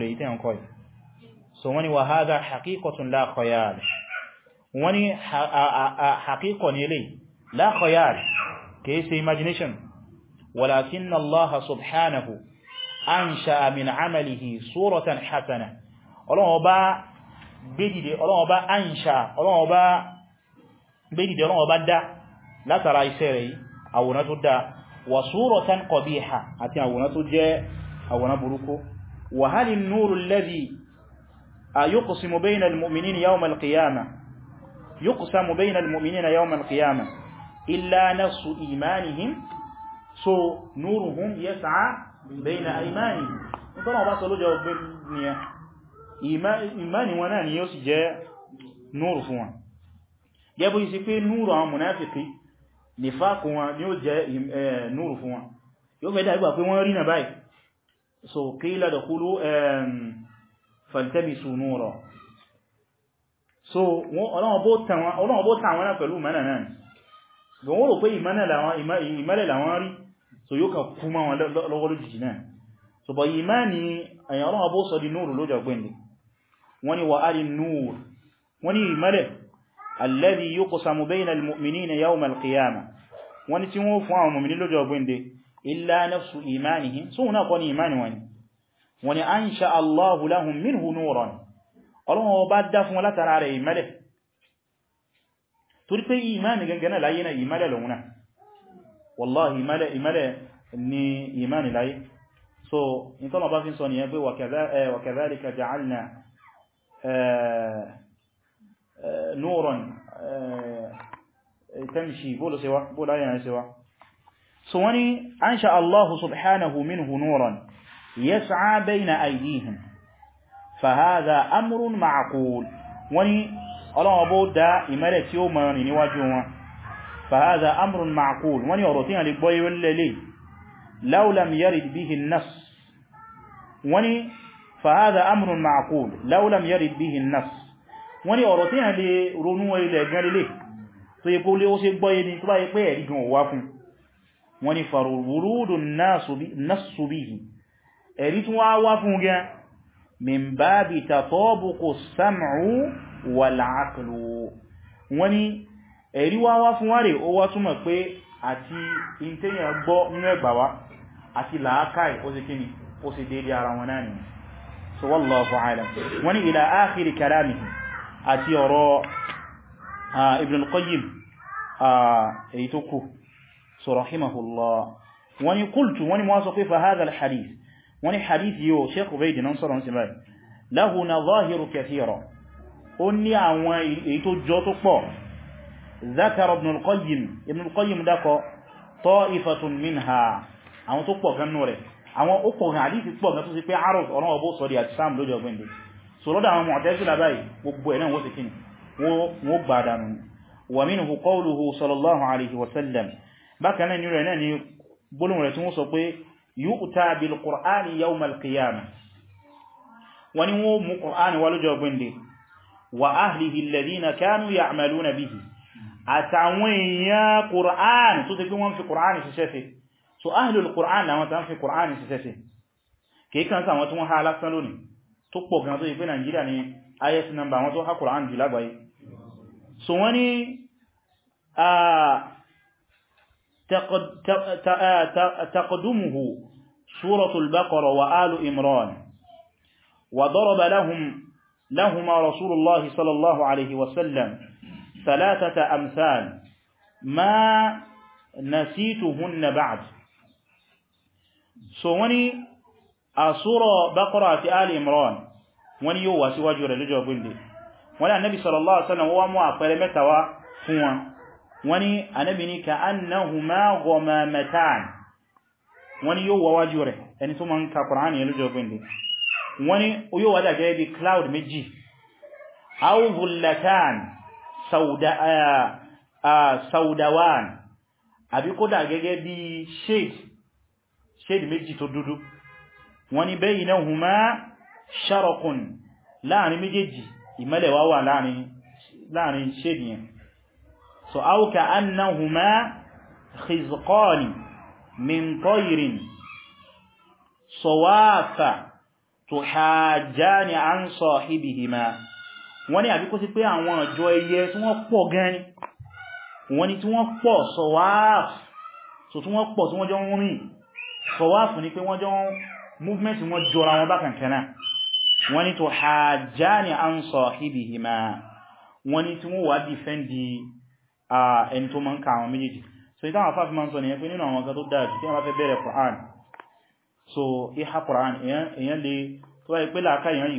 lè ìtẹ́ ọkọ̀ yìí so wani wa hadha haqiqatun la khayal wani haqiqa ne lè la khayal kìí ṣe imagination walakin Allah subhanahu ansha'a min amalihi suratan hasana ọlọ́wọ́ bá gbédìde ọlọ́wọ́ bá ansha ọlọ́wọ́ bá gbédìde ọlọ́wọ́ bá dá látara iṣẹ́ rẹ̀ àwòrán tó dáa وصورةً قبيحة حتي أولا تجاء أولا بروكو وهل النور الذي يقسم بين المؤمنين يوم القيامة يقسم بين المؤمنين يوم القيامة إلا نفس إيمانهم سو نورهم يسعى بين أيمانهم انتنا بس لو جاءوا بني إيمان وناني يوسي جاء نور فوان يابو يسيكي نور عن منافقي nífàkù wọn ni ó jẹ́ núrù fún wọn yóò fẹ́ dágbà pé wọ́n rí na báyìí so qila dkhulu faltamisu nura so ọlọ́wọ́ bó tàn wọn pẹ̀lú mẹ́nà náà gbọ́n wọ́n rò pé ìmẹ́lẹ̀ làwọn rí so yóò kà kú mọ́ wọn lọ́wọ́ lójìjì náà so bọ̀ yìí máa ni ẹ̀yàn ọlọ́wọ́ bó sọ di núrù lójọ gbẹ̀ndì alladhi yuqsamu bayna almu'minina yawm alqiyamah wọ́n ní tí wọ́n fún àwọn mu'mini lọ́jọ́ gbende illa nafsu imanihim so na ko ni imani wani wani ansha Allah lahum minhu nuran Ọlọ́run bá dá fún latara rẹ̀ ìmọ́lẹ̀ torí pé imani gangana láyé na ìmọ́lẹ̀ lọ́hùn wallahi ìmọ́lẹ̀ ìmọ́lẹ̀ ni imani láyé so in tó bá fi sọ nìyẹn pé wa ja'alna eh, آه، نورا آه، تمشي بولا سوا بولا يعني سوا سواني أنشأ الله سبحانه منه نورا يسعى بين أيديهم فهذا أمر معقول وني الله أبو دا إمالة يوم نواجهما فهذا أمر معقول وني أرطينا لبوي وللي لو لم يرد به النص وني فهذا أمر معقول لو لم يرد به النص wọ́n ní ọ̀rọ̀ tí yàn lè ronú ilẹ̀ gan lélẹ̀ tó yẹ kó lé ó ṣe gbọ́yé ni tó bá yẹ pé ẹ̀rí gan wá fún wọ́n ní farurudun nasubihi ẹ̀rí tún wá wá fún gan min babi tatabuqu sam'u wal aqlu wọ́n ní ẹ̀rí wá wá fún wárẹ̀ ó wá túnmọ̀ pé àti ìntẹ́yàn gbọ́ nínú ẹgbà wá àti làákàì ó sì kíni ó sì dédé ara wọn náà ni so wallahu a'lam wọ́n ní ila akhiri kalamihi àti ọ̀rọ̀ Ibn al-Qayyim èyí tó kù so rahimahullah wani qultu wani ma sọ pé fa hadha al-hadith wani hadith yíò Sheikh Ubayd nan sọ́rọ̀ sí báyìí lahu nazahiru kathira ó ní àwọn èyí tó jọ tó pọ̀ zakara Ibn qayyim Ibn al-Qayyim dákọ ta'ifatun àwọn tó pọ̀ gan nú rẹ̀ àwọn ó pọ̀ gan àdífi pọ̀ gan tó sì pé arọ́f ọ̀rọ̀ ọbọ̀ sọ́rí àti sáàmù lójú ọgbẹ̀ndẹ̀ so lọ́dọ̀ àwọn Mu'tazila báyìí gbogbo ẹ̀ náà wọ́n ti kí wọ́n gbà dànù wa minhu qawluhu sallallahu alaihi wasallam bákan náà nírẹ̀ náà ni gbólóhùn rẹ̀ tí wọ́n sọ pé yu'ta bil qur'ani kìí kan sáwọn tí wọ́n há lásán lónìí tó pọ̀ gan tó yí pé Nàìjíríà ni highest number wọn tó há Kùránì jù lágbàáyé so wọ́n ni taqdumuhu suratul baqara wa alu imran wa daraba lahum lahuma rasulullahi sallallahu alaihi wasallam thalathata amthal ma nasituhunna ba'd so wani a sura baqara fi ali imran wọ́n ni yóò wá síwájú rẹ̀ lójọ́ gbìndé wọ́n ni annabi sallallahu alaihi wasallam wọ́n mú àpẹẹrẹ mẹ́ta wá fún wọn wọ́n ni annabi ni ka annahuma ghamamatan wọ́n ni yóò wáwájú rẹ̀ ẹni tó máa ń ka Qur'ani lójọ́ àbí kódà gẹ́gẹ́ bí shade shade méjì tó dúdú wọ́n ni baynahuma sharakun láàrin méjèèjì ìmọ́lẹ̀ wá wà láàrin ṣédìyàn so auka annahuma khizqani min tayrin sawafa tuhajjani an sahibihima wọ́n ní àbíkó sí pé àwọn ọjọ́ ẹyẹ tí wọ́n pọ̀ gan ni wọ́n ní tí wọ́n pọ̀ sọ̀wáàfù so tí wọ́n pọ̀ tí wọ́n jọ ń rìn sọ̀wáàfù ní pé wọ́n jọ movement wọ́n jọra wọn bákan kanáà wọ́n ni tó hajjani an sahibihima wọ́n ni tí wọ́n wà dìfẹ́ndì ẹni tó mọ́n káwọn méjèèjì so ìtàn àfáàfí ma ń sọ nìyẹn pé nínú àwọn ọ̀gá tó dáa tí wọ́n fẹ́ bẹ̀rẹ̀ Qur'an so ìhà Qur'an èyàn lè tó wáyé pé láàká èyàn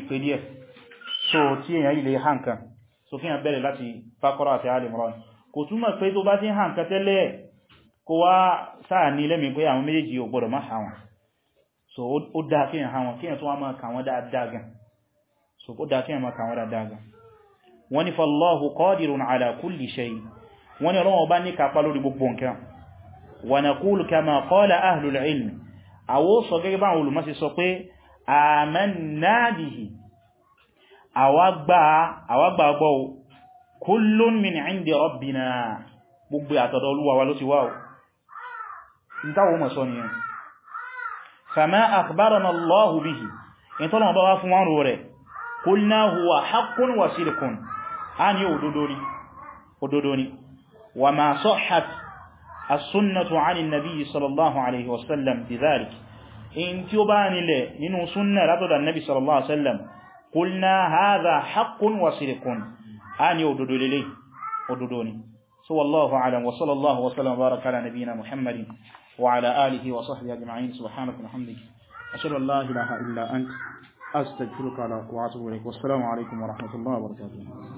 yìí so ó dáa fíyàn ha kíyàn tó wá máa kà dáadáa gan so kó dá kí ẹmà kàwọn dáadáa gan wọ́n ni fallahu qadirun ala kulli shay wọ́n ni ọlọ́wọ́ bá ní kàpá lórí gbogbo nǹkan wa naqulu kama qala ahlul ilm àwọ́ sọ gẹ́gẹ́ bá olùmọ́ sí sọ pé amanna bihi àwàgbà gbọ́ kullun min indi rabbina gbogbo àtọ̀dọ̀ olúwa wa ló ti wá ìtawò mọ̀ sọ nìyàn fama akhbarana Allahu bihi ìtọ́lọ̀ bá wá fún wọn rò rẹ̀ قلنا هو حق وصدق ان يودودوني ودودوني وما صحت السنه عن النبي صلى الله عليه وسلم بذلك ان تباني له من سنه رضى النبي صلى الله عليه وسلم قلنا هذا حق وصدق ان يودودولي ودودوني سو الله اعلم وصلى الله وسلم وبارك على نبينا محمد وعلى اله وصحبه اجمعين سبحانك وبحمدك اشهد ان لا اله الا انت أستغفرك على وأتوب والسلام عليكم ورحمة الله وبركاته